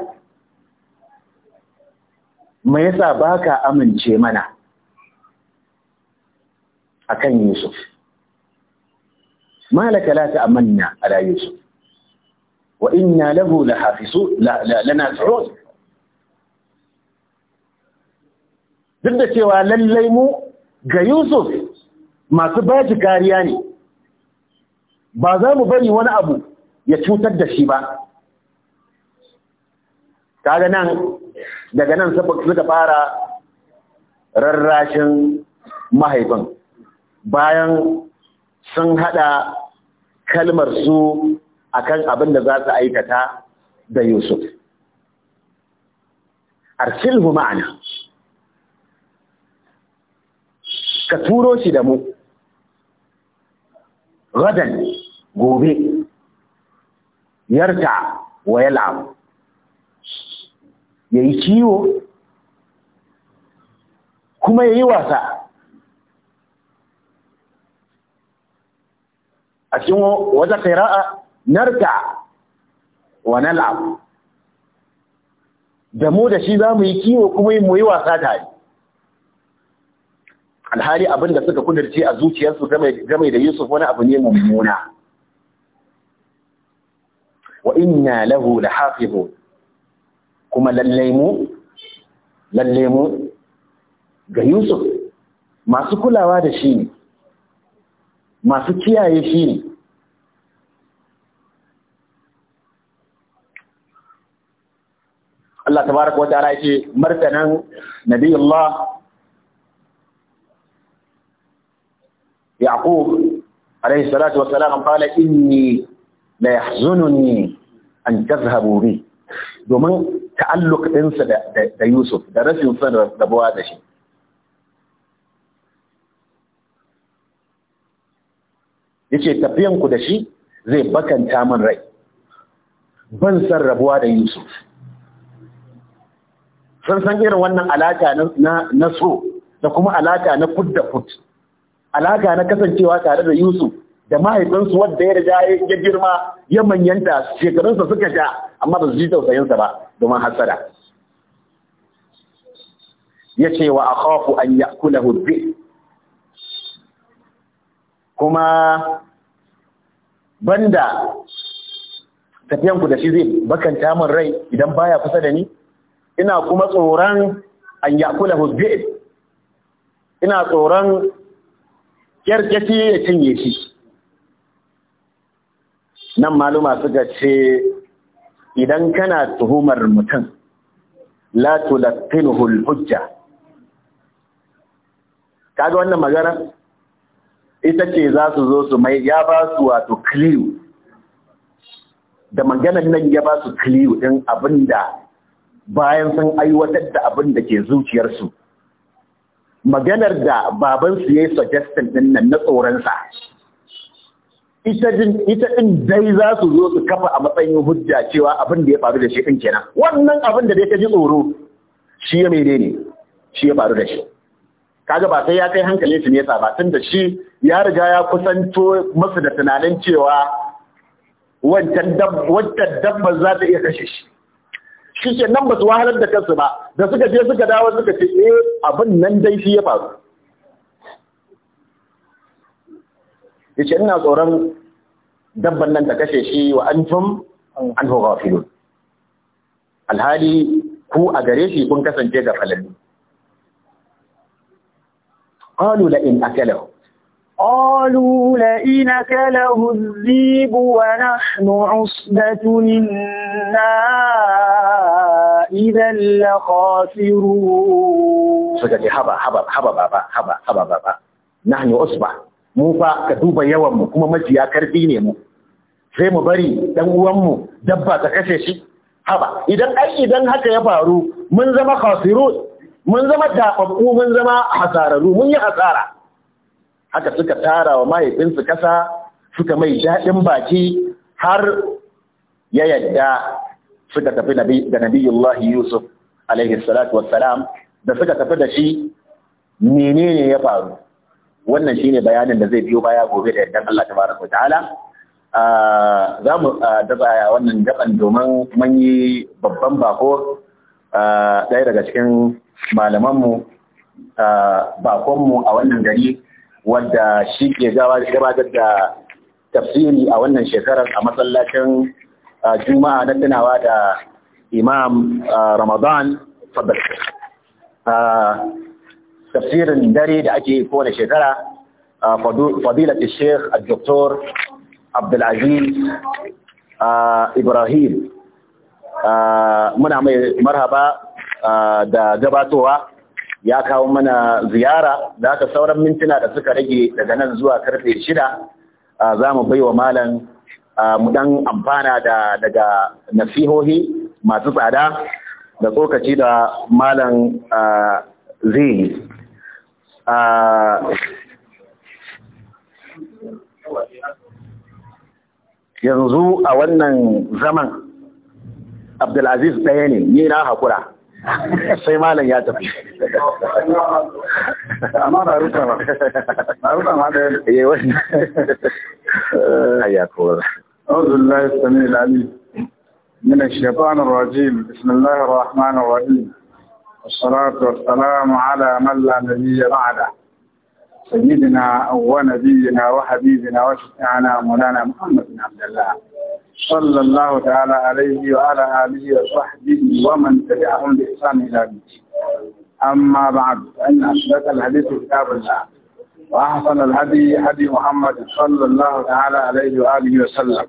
me yasa baka amince mana akan Yusuf malaka la amanna ala Yusuf wa inna lahu lahafizu lanas'ud duk da cewa lallai mu ga Yusuf masu baji kariya ne ba za mu bari wani abu ya cutar da shi ba kaga nan daga nan suka fara rarrashin mahaifin bayan sun hada kalmar su akan abin da za su aikata da Yusuf arsilhu ma'ana ka turo shi da mu gadan gobe yarta wa Ya yi ciwo kuma ya yi wasa a cikin wata qira'a narka wa da mu da shi za mu yi kiwo kuma mu yi wasa tare alhali abin da suka kudurce a zuciyarsu game da yusuf wani abu ne mummuna wa inna lahu la hafizu kuma lallai mu ga yusuf masu kulawa da shi ne masu kiyaye shi ne Allah tabaraka wa ta'ala yake martanan Allah yaqub alayhi salatu wa salam qala inni la yahzununi an tazhabu bi domin ta'alluk ɗinsa da Yusuf da rashin son rabuwa da shi yace tafiyan ku da shi zai bakanta min rai ban san rabuwa da Yusuf sun san irin wannan alaka na so da kuma alaka na fut da fut alaka na kasancewa tare da yusuf da mahaifinsu wadda ya riga ya girma ya manyanta shekarunsa suka ja amma ba su ji tausayinsa ba domin hasara ya ce wa akhafu an yakula hudbi kuma banda tafiyanku da shi zai bakanta min rai idan baya kusa da ni ina kuma tsoron an yakula hudbid ina tsoron kyarkyaci ya cinye shi nan maluma suka ce idan kana tuhumar mutum la hulhujja hujja kaga wannan magana ita ce za su zo su mai ya ba su wato kliyu da maganar nan ya ba su kliyu din abinda bayan sun aiwatar da abin da ke zuciyarsu maganar da babansu ya yi suggestion din nan na tsoronsa ita din dai za su zo su kafa a matsayin hujja cewa abin da ya faru da shi din kenan wannan abin da dai ka ji tsoro shi ya mene ne shi ya faru da shi kaga ba sai ya kai hankali su nesa ba tun da shi ya riga ya kusanto masu da tunanin cewa wancan dabbar za ta iya kashe shi shi ke nan ba su wahalar da kansu ba da suka je suka dawo suka ce eh abin nan dai shi ya faru yace ina tsoron dabban nan ta kashe shi wa antum an huwa alhali ku a gare shi kun kasance ga falalli qalu la in akalahu قالوا لئنك له الذيب ونحن عصبة منا إذا لخاسرون سجد حبا حبا حبا بابا حبا حبا نحن عصبة موفا كدوبا يوم كما مجيا كرديني مو في مباري دموامو دبا تكسيشي حبا إذا أي هكا حتى يفارو من زما خاسرون من زما تاقبقو من زما حسارو من يحسارو haka suka tara wa mahaifinsu kasa suka mai daɗin baki har ya yadda suka tafi da nabiyullahi yusuf alaihi salatu wassalam da suka tafi da shi menene ya faru wannan shine bayanin da zai biyo baya gobe da yadda Allah tabaraka wa ta'ala za mu daba wannan gaban domin mun yi babban bako ɗaya daga cikin malamanmu bakonmu a wannan gari wanda shi ke gabatar da tafsiri a wannan shekarar a masallacin uh, juma'a na tunawa da imam uh, ramadan fadl uh, tafsirin dare da ake kowane shekara fadilat sheikh al-doktor abdulaziz ibrahim muna mai marhaba da gabatowa ya kawo mana ziyara da aka sauran mintuna da suka rage daga nan zuwa karfe shida za mu bai wa malam mu dan amfana daga nasihohi masu tsada da tsokaci da malam zai yanzu a wannan zaman abdulaziz ɗaya ne ni na haƙura أعوذ بالله السميع العليم من الشيطان الرجيم بسم الله الرحمن الرحيم والصلاة والسلام على من لا نبي بعده سيدنا ونبينا وحبيبنا وشفيعنا مولانا محمد بن عبد الله صلى الله تعالى عليه وعلى آله وصحبه ومن تبعهم بإحسان إلى بيته أما بعد فإن أصدق الحديث كتاب الله وأحسن الهدي هدي محمد صلى الله تعالى عليه وآله وسلم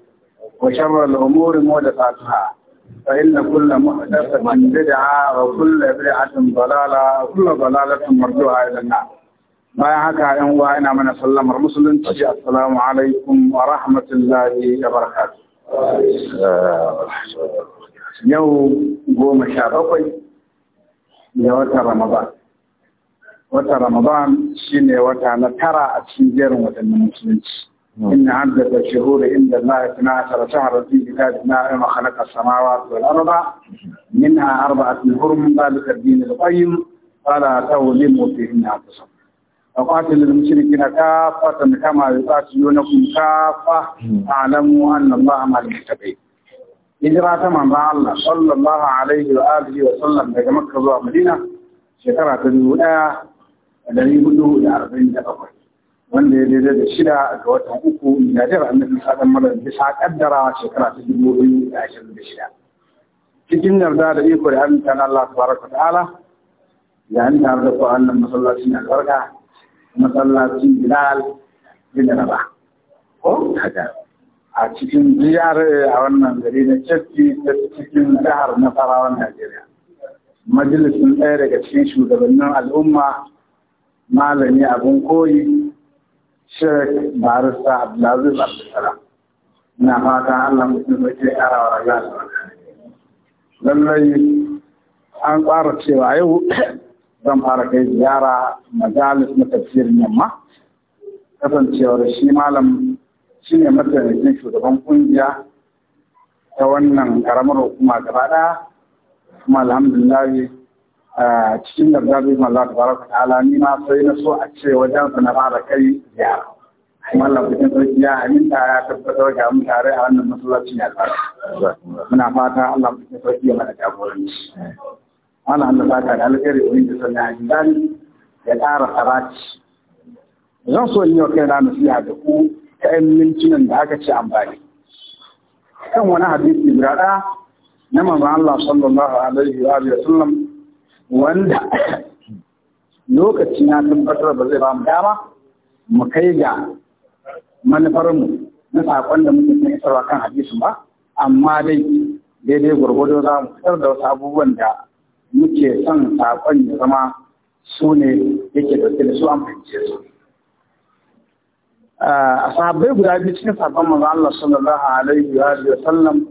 وشر الأمور محدثاتها فإن كل محدثة بدعة وكل بدعة ضلالة وكل ضلالة مرجوعة إلى النار ما haka ان uwa ina mana sallamar musulunci السلام عليكم ورحمه الله وبركاته. yau goma sha bakwai da wata ramadan wata ramadan shi wata na tara a cikin jerin waɗannan musulunci hmm. inna hadda da inda na ya fi na da na yi makalaka samawa ko laraba min a arba a cikin hurmun ba da karbi ne da ƙwayin ba da ta وقاتل المشركين كافة كما يقاتلونكم كافة اعلموا ان الله مع المتقين. إذا راتم مع الله صلى الله عليه وآله وسلم في مكة ومدينة شكرا تدولا الذي يقولوا إلى أربعين دقائق. وأن يجد الشراء جواتهم أكو إلى جرى أن الإنسان مرة بسعة أدرى شكرا تدولا إلى أشد الشراء. في جنة دار يقول أن كان الله تبارك وتعالى يعني أن الله صلى الله عليه وسلم masallacin bilal bin raba ko a cikin GRA a wannan gari na Chesky ta cikin jihar Nasarawan Najeriya. Majalisun ɗaya daga cikin shugabannin al'umma malami abin koyi Sheikh Barista Abdulaziz Abdulsalam. na fata Allah mutum da ke ƙara wa Lallai an ƙwara cewa yau zan fara kai ziyara majalis na tafsirin yamma kasancewar shi malam shi ne mataimakin shugaban kungiya ta wannan karamar hukuma gaba ɗaya kuma alhamdulillah cikin da zaɓi Allah ta baraka ta'ala ni ma sai na so a ce wajen sa na fara kai ziyara kuma Allah sarki ya aminta ya tabbatar ga mu tare a wannan masallacin ya tsara muna fata Allah cikin sarki ya mana jagoranci wannan Allah ka da alheri wani da sanya haji gani ya ƙara faraci zan so yi wa kai kaina nasiha da ku ta yin mintunan da aka ce amfani kan wani hadisi guda na manzon Allah sallallahu alaihi wa sallam wanda lokaci na tabbatar ba zai ba mu dama mu kai ga manufarmu na saƙon da muke kan isarwa kan hadisin ba amma dai daidai gwargwado za mu fitar da wasu abubuwan da muke son saƙon ya zama su ne yake ɗauke da su an fahimce su. A sahabbai guda biyu cikin sabon manzo Allah sallallahu alaihi wa sallam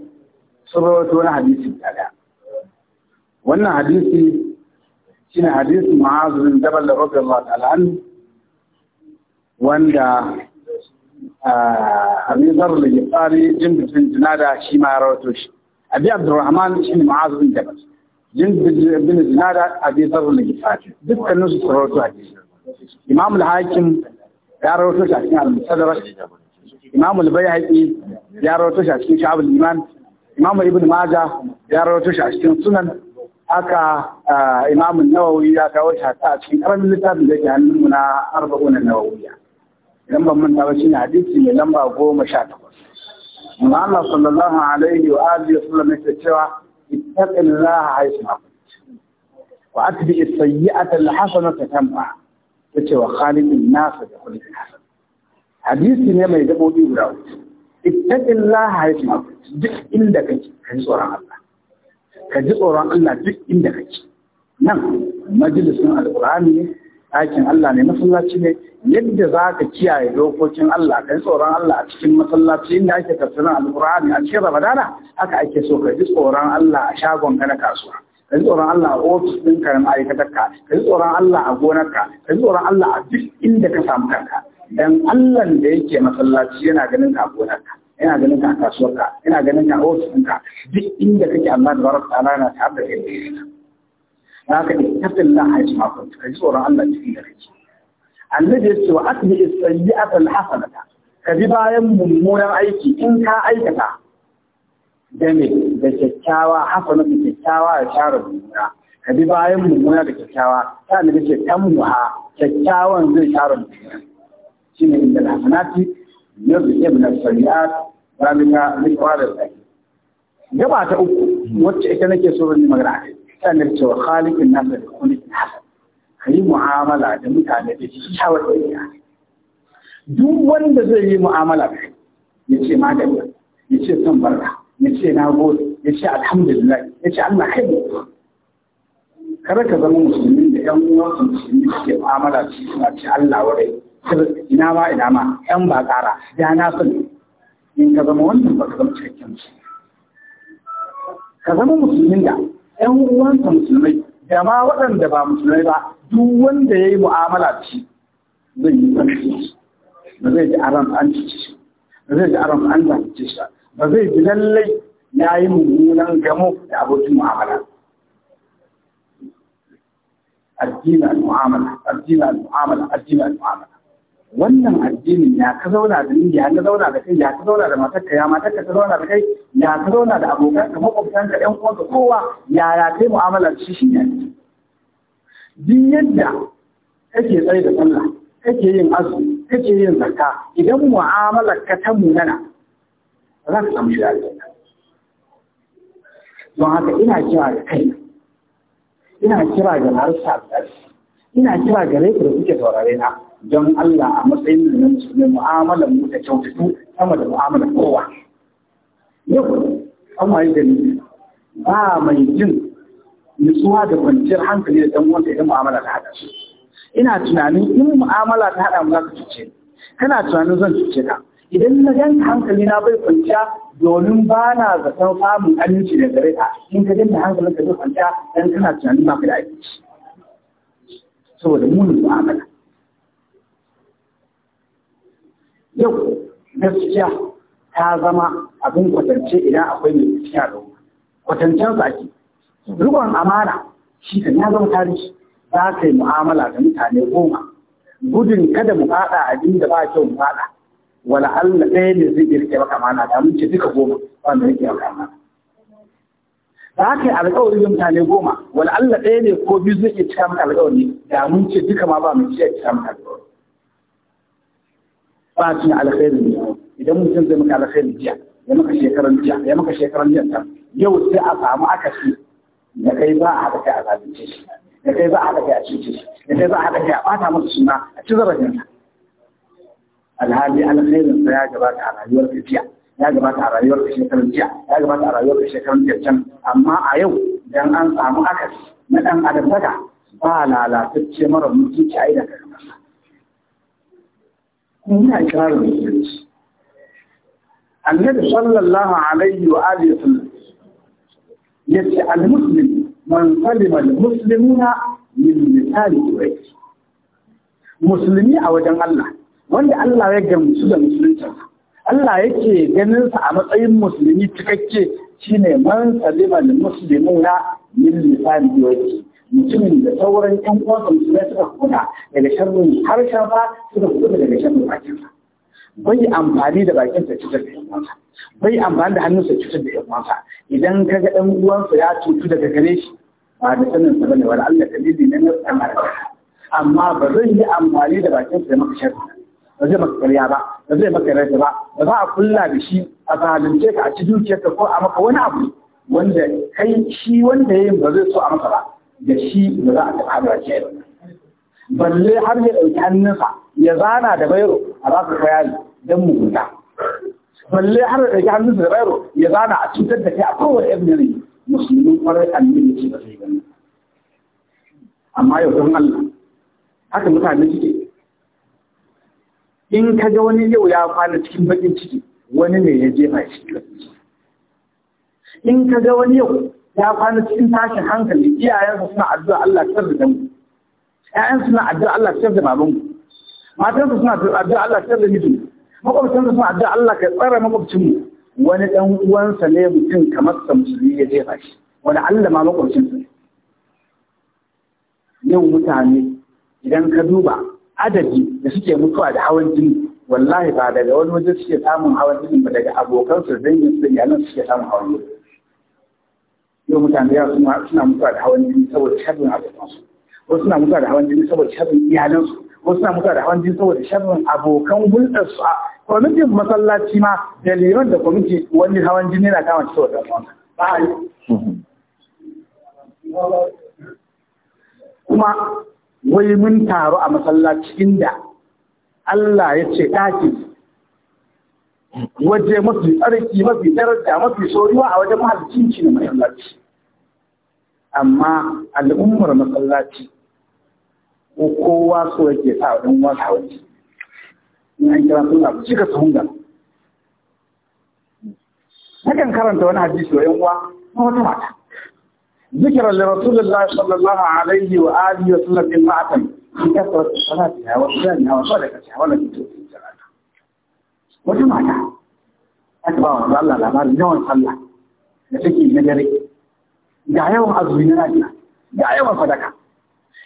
sun rawaito wani hadisi ɗaya. Wannan hadisi shine hadisi Mu'azu bin Jabal radiyallahu ta'ala anhu wanda Abu da al tsari jin bin Junada shi ma ya rawaito shi. Abi shi shine Mu'azu bin Jabal. جند بن زنادة أبي ذر الغفاري دكا نسو سروتو حديث sunan. haka ah, Imam Nawawi ya kawo shi a cikin karamin littafin da yake hannun mu na arba'un nawawiya idan manta ba shine hadisi mai lamba goma sha takwas. Muhammad sallallahu alaihi wa alihi wa sallam yake cewa اتق الله حيث ما كنت واتبع السيئه الحسنه تتمها tace wa khalidin nasa da kullin hasan hadisi ne mai gabobi guda uku ittaqillah haythu ma duk inda kake ka ji tsoron Allah ka ji tsoron Allah duk inda kake nan majalisin alqur'ani aikin Allah ne masallaci ne yadda za ka kiyaye dokokin Allah kai tsoron Allah a cikin masallaci inda ake tafsirin alƙur'ani a cikin ramadana haka ake so ka ji tsoron Allah a shagon ka na kasuwa ka tsoron Allah a ofis ɗinka na ma'aikatarka ka tsoron Allah a gonarka ka tsoron Allah a duk inda ka samu kanka dan Allah da yake masallaci yana ganin ka a gonarka yana ganin ka a kasuwarka yana ganin ka a ofis ɗinka duk inda kake Allah da barakata yana tare da kai za ka ittaqin la haji makon kun ka ji tsoron Allah cikin da kake annabi yace wa atbi as-sayyi'ata al-hasanata ka bi bayan mummunan aiki in ka aikata da me da kyakkyawa hasanata kyakkyawa ya share mummuna ka bi bayan mummuna da kyakkyawa ta annabi ce tamuha kyakkyawan zai share mummuna shine inda hasanati yuzhibu as-sayyi'at zalika liqad al-hayy gaba ta uku wacce ita nake so zan yi magana a kai ce cewa khaliqin nasa da khuluqin hasan kai mu'amala da mutane da kyakkyawar ɗabi'a duk wanda zai yi mu'amala da ya ce da ya ce son barka, ya ce na gode ya ce alhamdulillah ya ce Allah kai kada ka zama musulmi da ƴan uwansu musulmi ke mu'amala shi suna ce Allah wurai ina ma ina ma 'yan ba tsara. da na san in ka zama wannan ba ka zama cikakken musulmi ka zama musulmin da ‘yan uwansa musulmai da ma waɗanda ba musulmai ba duk wanda ya yi mu'amala ci zai yi zanci ba zai ji aram an cici ba zai ji aram an zanci shi ba zai ji lallai ya yi mummunan gamo da abokin mu'amala addini al-mu'amala addini al-mu'amala addini al-mu'amala wannan addinin ya ka zauna da ni ya ka zauna da kai ya ka zauna da matarka ya matarka ka zauna da kai ya ka zauna da abokan ka makwabtan ka ɗan uwanka kowa ya kai mu'amalar shi shi ne din yadda kake tsaye da sallah kake yin azumi kake yin zakka idan mu'amalar ka ta munana za ka samu shiga don haka ina kira da kai ina kira da marasa ina kira da rai da kuke taurare na don Allah a matsayin da su ne mu'amalar mu ta kyautatu sama da mu'amalar kowa. yau an waye da ni ba mai jin nutsuwa da kwanciyar hankali da ɗan wanda idan mu'amala ta haɗa su ina tunanin in mu'amala ta haɗa mu za ka cuce kana tunanin zan cuce ka idan na yanka hankali na bai kwanciya domin ba na zaton samun aminci da gare ka in ka yanka hankalin ka zai kwanciya dan kana tunanin ma ka da abinci saboda munin mu'amala yau gaskiya ta zama abin kwatance idan akwai mai da wuka. kwatancen ake rikon amana shi kan ya zama tarihi za ka yi mu'amala da mutane goma gudun kada mu faɗa abin da ba kyau mu faɗa wala Allah ɗaya ne zai iya rike maka mana da mun ce duka goma wanda rike maka mana za ka yi alƙawari da mutane goma wala Allah ɗaya ne ko biyu zai iya cika maka alƙawari da mun ce duka ma ba mu ce cika maka alƙawari ba tun alkhairin ne idan mutum zai maka alkhairi jiya ya maka shekaran jiya ya maka shekaran jiya ta yau sai a samu akasi da kai ba a haɗa kai a zalunce shi da kai za a haɗa kai a cuce shi da kai za a haɗa kai a ɓata masa suna a ci zarafin sa alhali alkhairin sa ya gabata a rayuwar ka jiya ya gabata a rayuwar ka shekaran jiya ya gabata a rayuwar ka shekaran jiya can amma a yau dan an samu akasi na ɗan adam ba lalatacce mara mutunci a idan ka kamar sa. Ina ikirarin mutunci. annabi sallallahu alaihi wa alihi wasallam yace al-muslim man salima al-muslimuna min misali quraish musulmi a wajen Allah wanda Allah ya gamsu da musulunci Allah yake ganin sa a matsayin musulmi cikakke shine man salima al-muslimuna min misali quraish mutumin da sauran ƴan uwansa musulmai suka kuna daga sharrin harshen ba suka kuda daga sharrin bakin bai amfani da bakin sa cutar da yan uwansa bai amfani da hannunsa cutar da yan uwansa idan ka ga dan uwansa ya cutu daga gare shi ba da sanin sa bane wala Allah dalili ne na tsamar amma ba zan yi amfani da bakin sa maka sharri ba zai maka ƙarya ba ba zai maka rage ba ba za a kulla da shi a zalunce ka a ci dukiyarka ko a maka wani abu wanda kai shi wanda yayin ba zai so a maka ba da shi ba za a taɓa shi ba balle har ya ɗauki hannunsa ya zana da bairo a za su bayani don mugunta balle har ya ɗauki hannunsa da bairo ya zana a cutar da kai a kowane yan yanayi musulmin kwarai annabi ce ba sai gani amma yau don Allah haka mutane suke in ka ga wani yau ya kwana cikin bakin ciki wani ne ya jefa shi in ka ga wani yau ya kwana cikin tashin hankali iyayensa suna addu'a Allah kar da mu ‘ya’yan suna addu'a Allah ka da baban matan suna addu'a Allah ka da mijin makwabcin suna addu'a Allah ka tsara makwabcin mu wani ɗan uwansa ne mutum kamar sa musulmi ya jefa shi wani Allah ma makwabcin ne. yau mutane idan ka duba adadi da suke mutuwa da hawan jini wallahi ba daga wani waje suke samun hawan jini ba daga abokansu dangin su iyalan suke samun hawan jini yau mutane ya suna mutuwa da hawan jini saboda sharrin abokansu wasu suna mutuwa da hawan jini saboda shafin iyalansu wasu suna mutuwa da hawan jini saboda shafin abokan hulɗarsu a kwamitin masallaci ma da liman da kwamiti wani hawan jini yana kama cikin da kuma wai mun taru a masallaci inda Allah ya ce ɗakin waje mafi tsarki mafi daraja mafi soyuwa a wajen mahalicin shi na masallaci amma al'ummar masallaci ko kowa so yake sa ɗan wasa waje ina an kira suna abu cika su hunga nakan karanta wani hadisi wa yan uwa na wata mata ذكر لرسول الله صلى الله عليه وآله وسلم امرأة كثرة صلاتها وصيامها وصدقتها ولم تؤتي زكاتها. وجمعتها. أكبر الله da take na dare. Ga yawan azumi na ga yawan sadaka.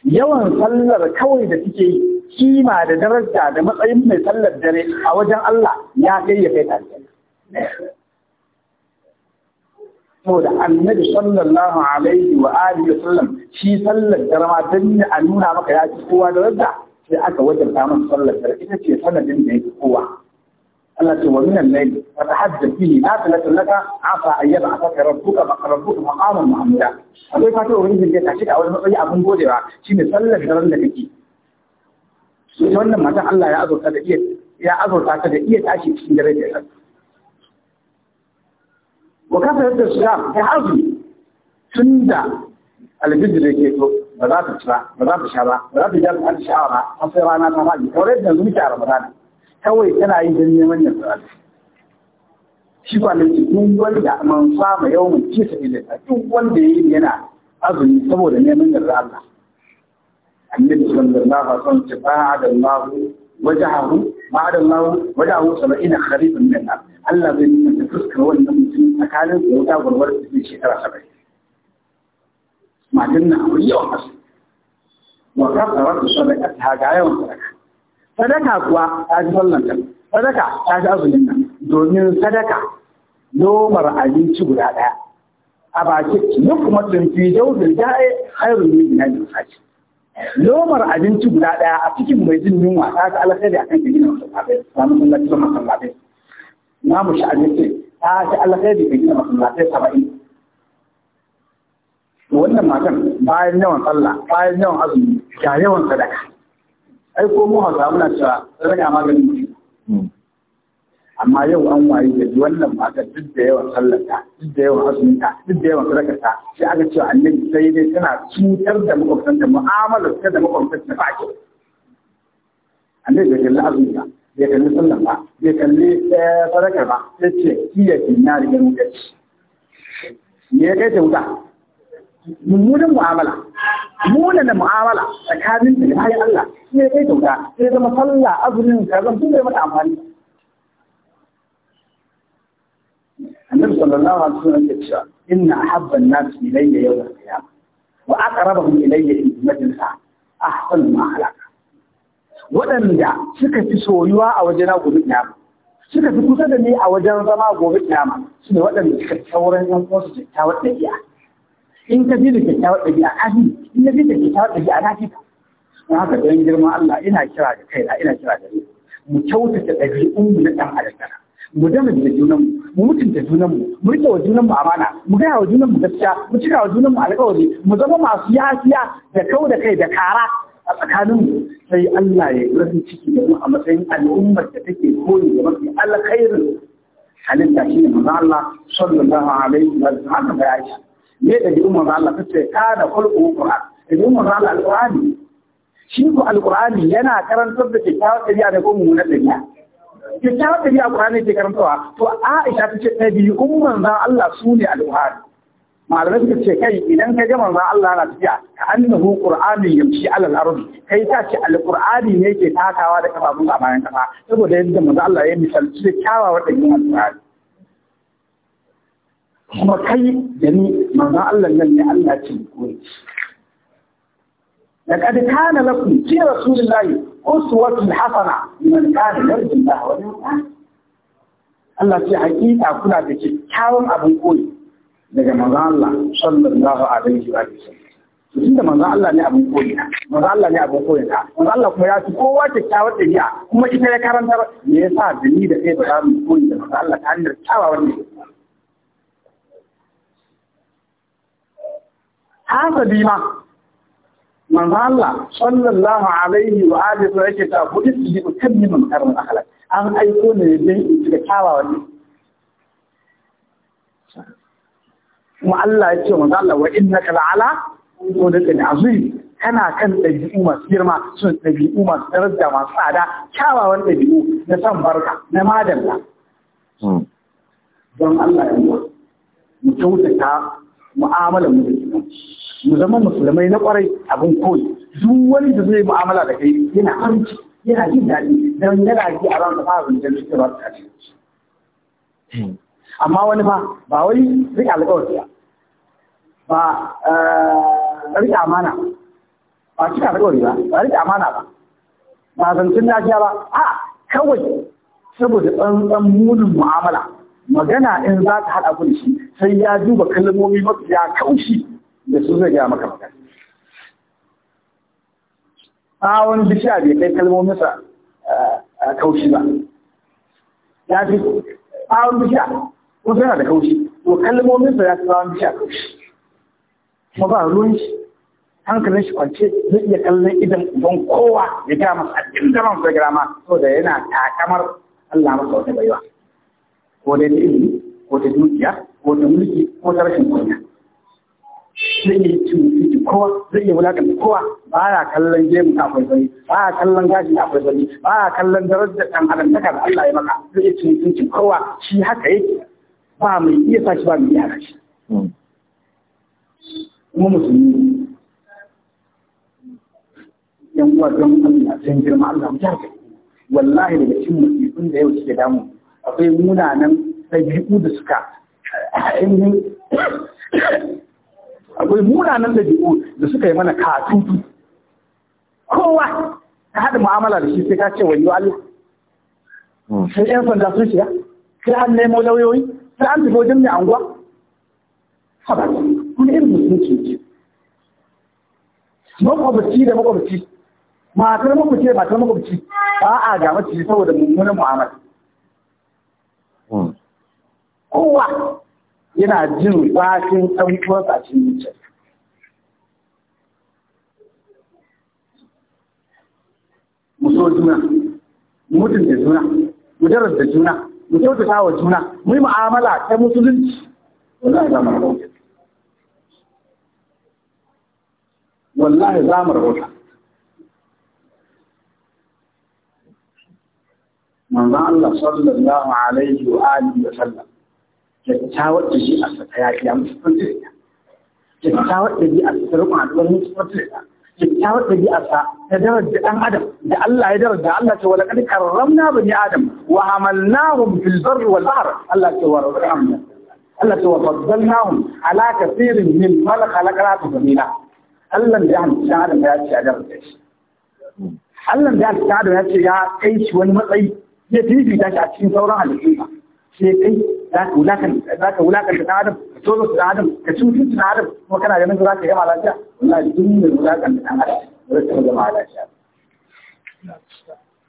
yawan sallar kawai da suke yi kima da daraja da matsayin mai sallar dare a wajen Allah ya kai ya kai tafiya. Saboda annabi sallallahu alaihi wa alihi wa sallam shi sallar dare ma dan a nuna maka ya ci kowa daraja sai aka wajen masa sallar dare ita ce sanadin da ya ci kowa. التي ومن الليل فتحدث فيه نافلة لك عفا أن يبعثك ربك ربك مقاما محمدا أبي فاتو أريد أن يتحشك أولا أي أبن بودي بقى شين سلة جرن لك كي سيوانا ما تقال الله يا أذر تدئية يا أذر تدئية أشي بشين جرن لك إيه؟ وكيف يبدأ السلام يا عظم تندى الجزر يكيتو بذات الشباب بذات الشباب بذات الشباب بذات الشباب بذات الشباب بذات الشباب بذات الشباب kawai tana yi don neman yanzu Allah shi kwanaki duk wanda man fama yau mun kisa ilata duk wanda ya yi yana azumi saboda neman yanzu Allah annabi sallallahu alaihi wasallam ce ba'ada Allah wajahu ba'ada Allah wajahu sab'ina kharifan min nar Allah zai nuna fuskar wannan mutum tsakanin da wuta gurbar da zai shekara 70 matan na abu yawan asu wa kafarat sadaqat ha ga yawan sadaqat sadaka kuwa ta ji sallan nan sadaka ta ji azumin nan domin sadaka nomar abinci guda ɗaya a bakin ne kuma tsinfi daudin da ya hairu ne na jin sace nomar abinci guda ɗaya a cikin mai jin yunwa ta ta alkhairi a kan na wasu kafin samun sun lafi zama sun lafi na mu shi abinci ta ta alkhairi ga gina wasu lafi saba'in wannan matan bayan yawan sallah bayan yawan azumi ga yawan sadaka ai ko mu haka muna cewa sadaka maganin mutum hmm. amma yau an waye da wannan mata duk da yawan sallata duk da yawan azuminta duk da yawan sadakata sai aka ce annabi sai dai tana cutar da makwabtan da mu'amalar ta da makwabtan ta fake annabi bai kalli azuminta bai kalli sallan ba bai kalli eh, sadakar ba sai ce kiyar na da wuta ce me ya kai ta wuta mummunan mu'amala muna da mu'amala tsakanin da bayan Allah sai ya kyauta sai ya zama sallah azumin karzan tun zai mata amfani annabi sallallahu alaihi wasallam ya ce inna ahabba an-nas ilayya yawm al-qiyamah wa aqrabahum ilayya in majlisa ahsanu ma khalaqa waɗanda suka fi soyuwa a wajena gobe kiyama suka fi kusa da ni a wajen zama gobe kiyama su ne waɗanda suka sauran yan uwansu kyakkyawar ɗabi'a in ka bi da kyakkyawar ɗabi'a ka bi in ka bi da kyakkyawar ɗabi'a na fi ka don haka don girman Allah ina kira da kaina ina kira da ni mu kyautata ɗabi'un mu na ɗan adam mu dama da junanmu mu mutunta junanmu mu rike wa junanmu amana mu gaya wa junanmu gaskiya mu cika wa junanmu alƙawari mu zama masu yafiya da kau da kai da kara a tsakaninmu sai Allah ya yi ciki da mu a matsayin al'ummar da take koyi da mafi alkhairin halitta shi ne manzo Allah sallallahu alaihi wa sallam ya yi me da bi umar Allah ta ce kana kulqu qur'an da bi umar Allah alqur'ani shi ko alqur'ani yana karantar da kyakkyawar tabi'a da kuma mummunar tabi'a kyakkyawar tabi'a qur'ani ke karantawa to Aisha ta ce tabi'i umman za Allah sune alqur'ani malamai suka ce kai idan ka ga manzon Allah na tafiya ka annahu qur'ani yamshi ala al-ardh kai ta ce al-qur'ani ne ke takawa da kafafun a bayan kafa saboda yadda manzon Allah ya misalci kyawawan dabi'a alqur'ani kuma kai da ni manzon Allah nan ne Allah ce koyi لقد كان لكم في رسول الله أسوة حسنة da كان يرجو الله واليوم Allah ce hakika kuna da kyakkyawan abin koyi daga manzon Allah sallallahu alaihi wa sallam tun da manzan Allah ne abin koyi na manzan Allah ne abin koyi na manzan Allah kuma ya ci kowa kyakkyawar ɗabi'a kuma ita ya karanta ba. me yasa da ni da kai ba za mu koyi da manzan Allah ta hanyar kyawawan ne hasadi ma manzo Allah sallallahu alaihi wa alihi wa yake ta budi su yi mutabbi karin akhlaq an aiko ne dan in cika kyawawan ne kuma Allah ya ce manzo Allah wa innaka la'ala sadaqa azim kana kan ɗabi'u masu girma sun ɗabi'u masu daraja masu tsada kyawawan ɗabi'u na san barka na madalla hmm. don Allah ya mu kyautata mu'amalar mu da juna mu zama musulmai na kwarai abin koyi duk wani da zai mu'amala da kai yana aminci yana jin daɗi don yana ji a ran ba abin da zai ba ta ce amma wani ba ba wai eh, rike alƙawari ba rike amana ba cika alƙawari ba ba rike amana ba ba zancen lafiya ba a kawai saboda tsantsan munin mu'amala magana in za ta haɗa ku da shi sai ya duba kalmomi masu ya kaushi da su zai ya maka magana wani bishiya bai kai kalmominsa a eh, eh, kaushi ba ya fi wani bishiya ko yana da kaushi to kalmominsa ya fi wani bishiya kaushi kuma ba ruwan shi hankalin shi kwance zai iya kallon idan don kowa ya gaya masa abin da man sai grama so da yana takamar Allah masa wata baiwa ko dai ta ilimi ko ta dukiya ko mulki ko da rashin kunya zai iya cin kowa zai iya wulakan kowa ba ya kallon gemu na akwai zari ba ya kallon gashi na akwai zari ba ya kallon darajar ɗan adam da Allah ya maka zai iya cin kowa shi haka yake ba mai iya sa shi ba mai iya shi hmm. kuma musulmi yan uwa don Allah sun girma Allah ya ka wallahi daga cin musulmi da yau suke damu akwai munanan ɗabi'u da suka akwai munanan da jibu da suka yi mana katutu kowa ka haɗa mu'amala da shi sai ka ce wayo Allah hmm. sai yan sanda sun shiga sai an nemo lauyoyi sai an tafi wajen mai anguwa haba kuma irin musulunci ne makwabci da makwabci matar makwabci da matar makwabci ba a ga mace saboda mummunan mu'amala kowa yana jin zafin ɗan uwansa a cikin zuciya mu so juna mu mutunta juna mu da juna mu kyautata wa juna mu yi mu'amala ta musulunci wallahi za mu rahota wallahi za mu rahota manzon Allah sallallahu alaihi wa alihi wa sallam الله يدرج الله سوى لقد كرمنا بني آدم وعملناهم في البر والبحر الله سوى رحمنا الله سوى فضلناهم على كثير من ملك على قرات الجميلة الله جعل سعد من هذا الشعر الله جعل سعد من هذا الشعر كيش ونمطي يتيجي تاش عشرين ثورة على الجميلة sai kai za ka wulakanta ɗan adam ka tozo su ɗan adam ka cutar su ɗan adam kuma kana ganin za ka gama lafiya wallahi duk mai wulakanta ɗan adam ba zai gama lafiya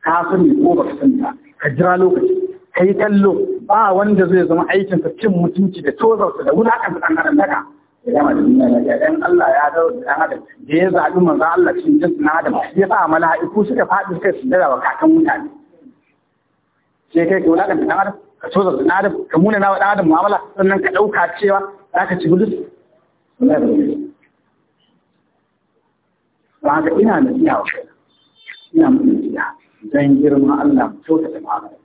ka sani ko ba ka sani ba ka jira lokaci ka yi kallo ba wanda zai zama aikin ka cin mutunci da tozarsa da wulakanta ɗan adam daga ya gama da duniya lafiya dan Allah ya dawo da ɗan adam da ya zaɓi manzo Allah cin jin ɗan adam ya sa mala'iku suka faɗi suka sujjada wa kakan mutane sai kai ka wulakanta ɗan adam ka so da na adam ka muna nawa ɗan adam mu'amala sannan ka ɗauka cewa za ka ci gudu ba ga ina da iya wa kai ina mun iya dan girma Allah mu kyautata mu'amala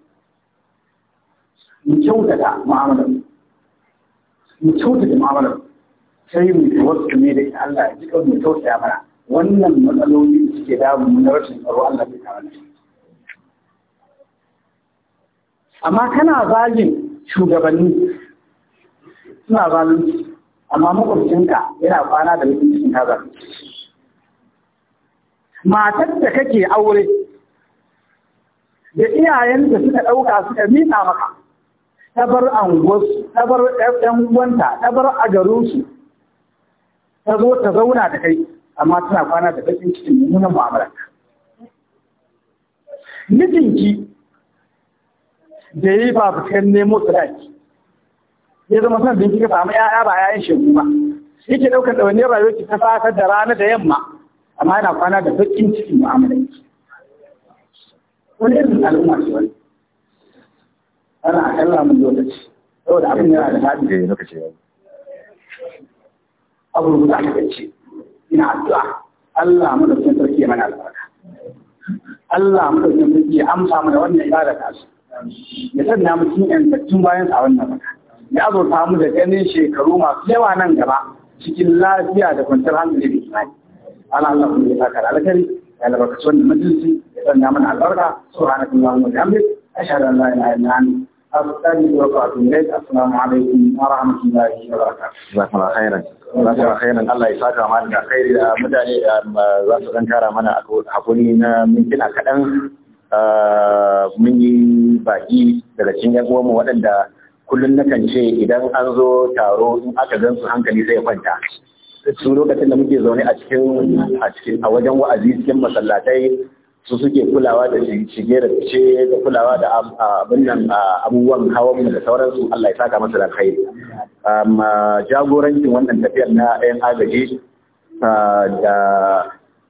mu kyautata mu'amala mu kyautata mu'amala sai mu wasu ne da Allah ya ji kawai mu ya mana wannan matsaloli da suke damu na rashin tsaro Allah ya kawo amma kana zagin shugabanni suna zalunci amma makwabcinka yana kwana da mutuncin ka zalunci matar da kake aure da iyayenta suka ɗauka suka miƙa maka ta bar anguwarsu ta bar ɗan uwanta ta bar a garinsu ta zo ta zauna da kai amma tana kwana da bakin cikin nuna mu'amalarka mijinki da yi fafukan nemo tsiraki ya zama son bin kika samu ‘ya'ya ba ‘ya'yan shegu ba ke ɗaukar wani rayuwar ki ta safar da rana da yamma amma yana kwana da baƙin ciki mu'amalar ki wani irin al'umma ce wani ana akalla mun lokaci saboda abin yana da haɗi da eh, lokaci yau abu da aka ce ina addu'a Allah mu da sarki ya mana albarka Allah mu da sarki ya amsa mana wannan ibada ta su ya sanya mu cikin yantattun bayan a wannan wata ya zo mu da ganin shekaru masu yawa nan gaba cikin lafiya da kwanciyar hankali da imani ala Allah kuma ya saka da alkhairi ya albarkaci wannan majalisi ya sanya mana albarka subhanallahi wa bihamdihi ashhadu an la ilaha illa anta أستاذي وقعت إليك السلام عليكم ورحمة الله وبركاته. جزاك الله خيرا. Zaka da khairan Allah ya saka mana da khairi da mutane eh, za su dan kara mana hakuri na mintuna kaɗan Ah, mun yi baƙi daga cikin yan uwanmu waɗanda kullum nakan ce idan an zo taro in aka gan su hankali zai kwanta su lokacin da muke zaune a cikin a wajen wa'azi cikin masallatai su suke kulawa da shige da fice da kulawa da abin nan abubuwan hawan da sauransu Allah ya saka masa da kai jagorancin wannan tafiyar na yan agaji ah, da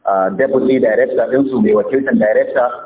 ah, deputy director ɗinsu mai wakiltar director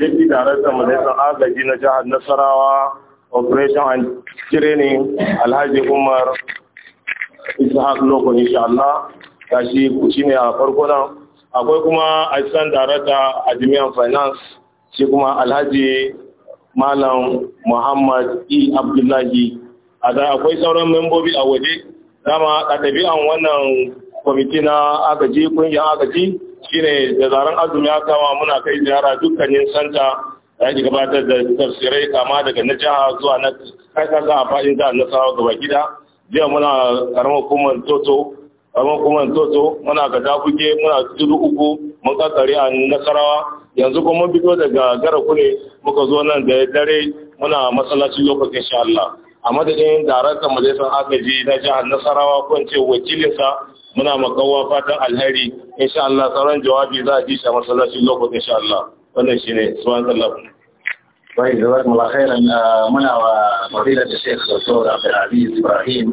Deputy Director Majalisar Agaji na Jihar Nasarawa, Operation and Training Alhaji Umar Ishaq Lokon insha Allah, gashi shi ne a farko nan. Akwai kuma Assistant Director ajimiyan Finance, shi kuma Alhaji Malam Muhammad E. Abdullahi. A da akwai sauran membobi a waje, dama a tabi'an wannan kwamiti na agaji, kungiyar agaji, shine da zaren azumi ya kama muna kai ziyara dukkanin santa da ake gabatar da tafsirai kama daga na jiha zuwa na kasa a fadin jihar nasarawa gaba gida jiya muna karamar kuma toto karamar kuma toto muna ga dafuke muna tudu uku mun kankare a nasarawa yanzu kuma mun fito daga gara kune muka zo nan da dare muna masallacin lokacin insha Allah a madadin daraktan majalisar agaji na jihar nasarawa kwance wakilinsa muna makawa fatan alheri insha Allah sauran jawabi za a ji shi a masallacin lokacin insha Allah wannan shine subhanallah طيب da ah, muna خيرا منى da الشيخ دكتور عبد العزيز ibrahim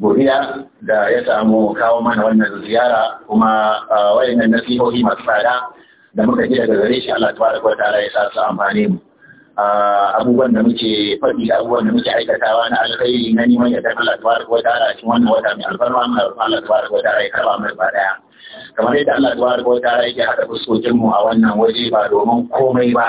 buriya ah, da ya samu kawo mana wannan ziyara kuma ah, wayannan nasihohi masu tsada da muka ji daga gare shi Allah tabaraka wa ta'ala ya sa su amfani mu abubuwan da muke faɗi da abubuwan da muke aikatawa na alkhairi na neman yadda Allah tabaraka wa ta'ala cikin wannan wata mai alfarma mai Allah tabaraka wa ta'ala ya karba mai ba daya kamar yadda Allah tabaraka Ko ta'ala yake haɗa fuskokinmu a wannan waje ba domin komai ba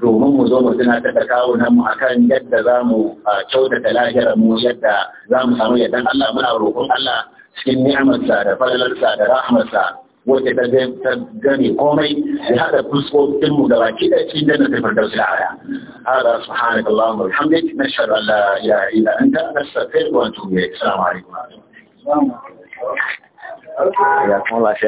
domin mu zo mu ta da kawo nan mu akan yadda za mu kyautata lahirar mu yadda za mu samu yadda Allah muna roƙon Allah cikin ni'amarsa da fadalarsa da rahmarsa wacce ta gani komai da haɗa fuskokin mu da baki da shi da na tafar da sulaya hada subhanaka allahumma bihamdik nashhadu an la ilaha illa anta nastaghfiruka wa natubu ilayk assalamu alaikum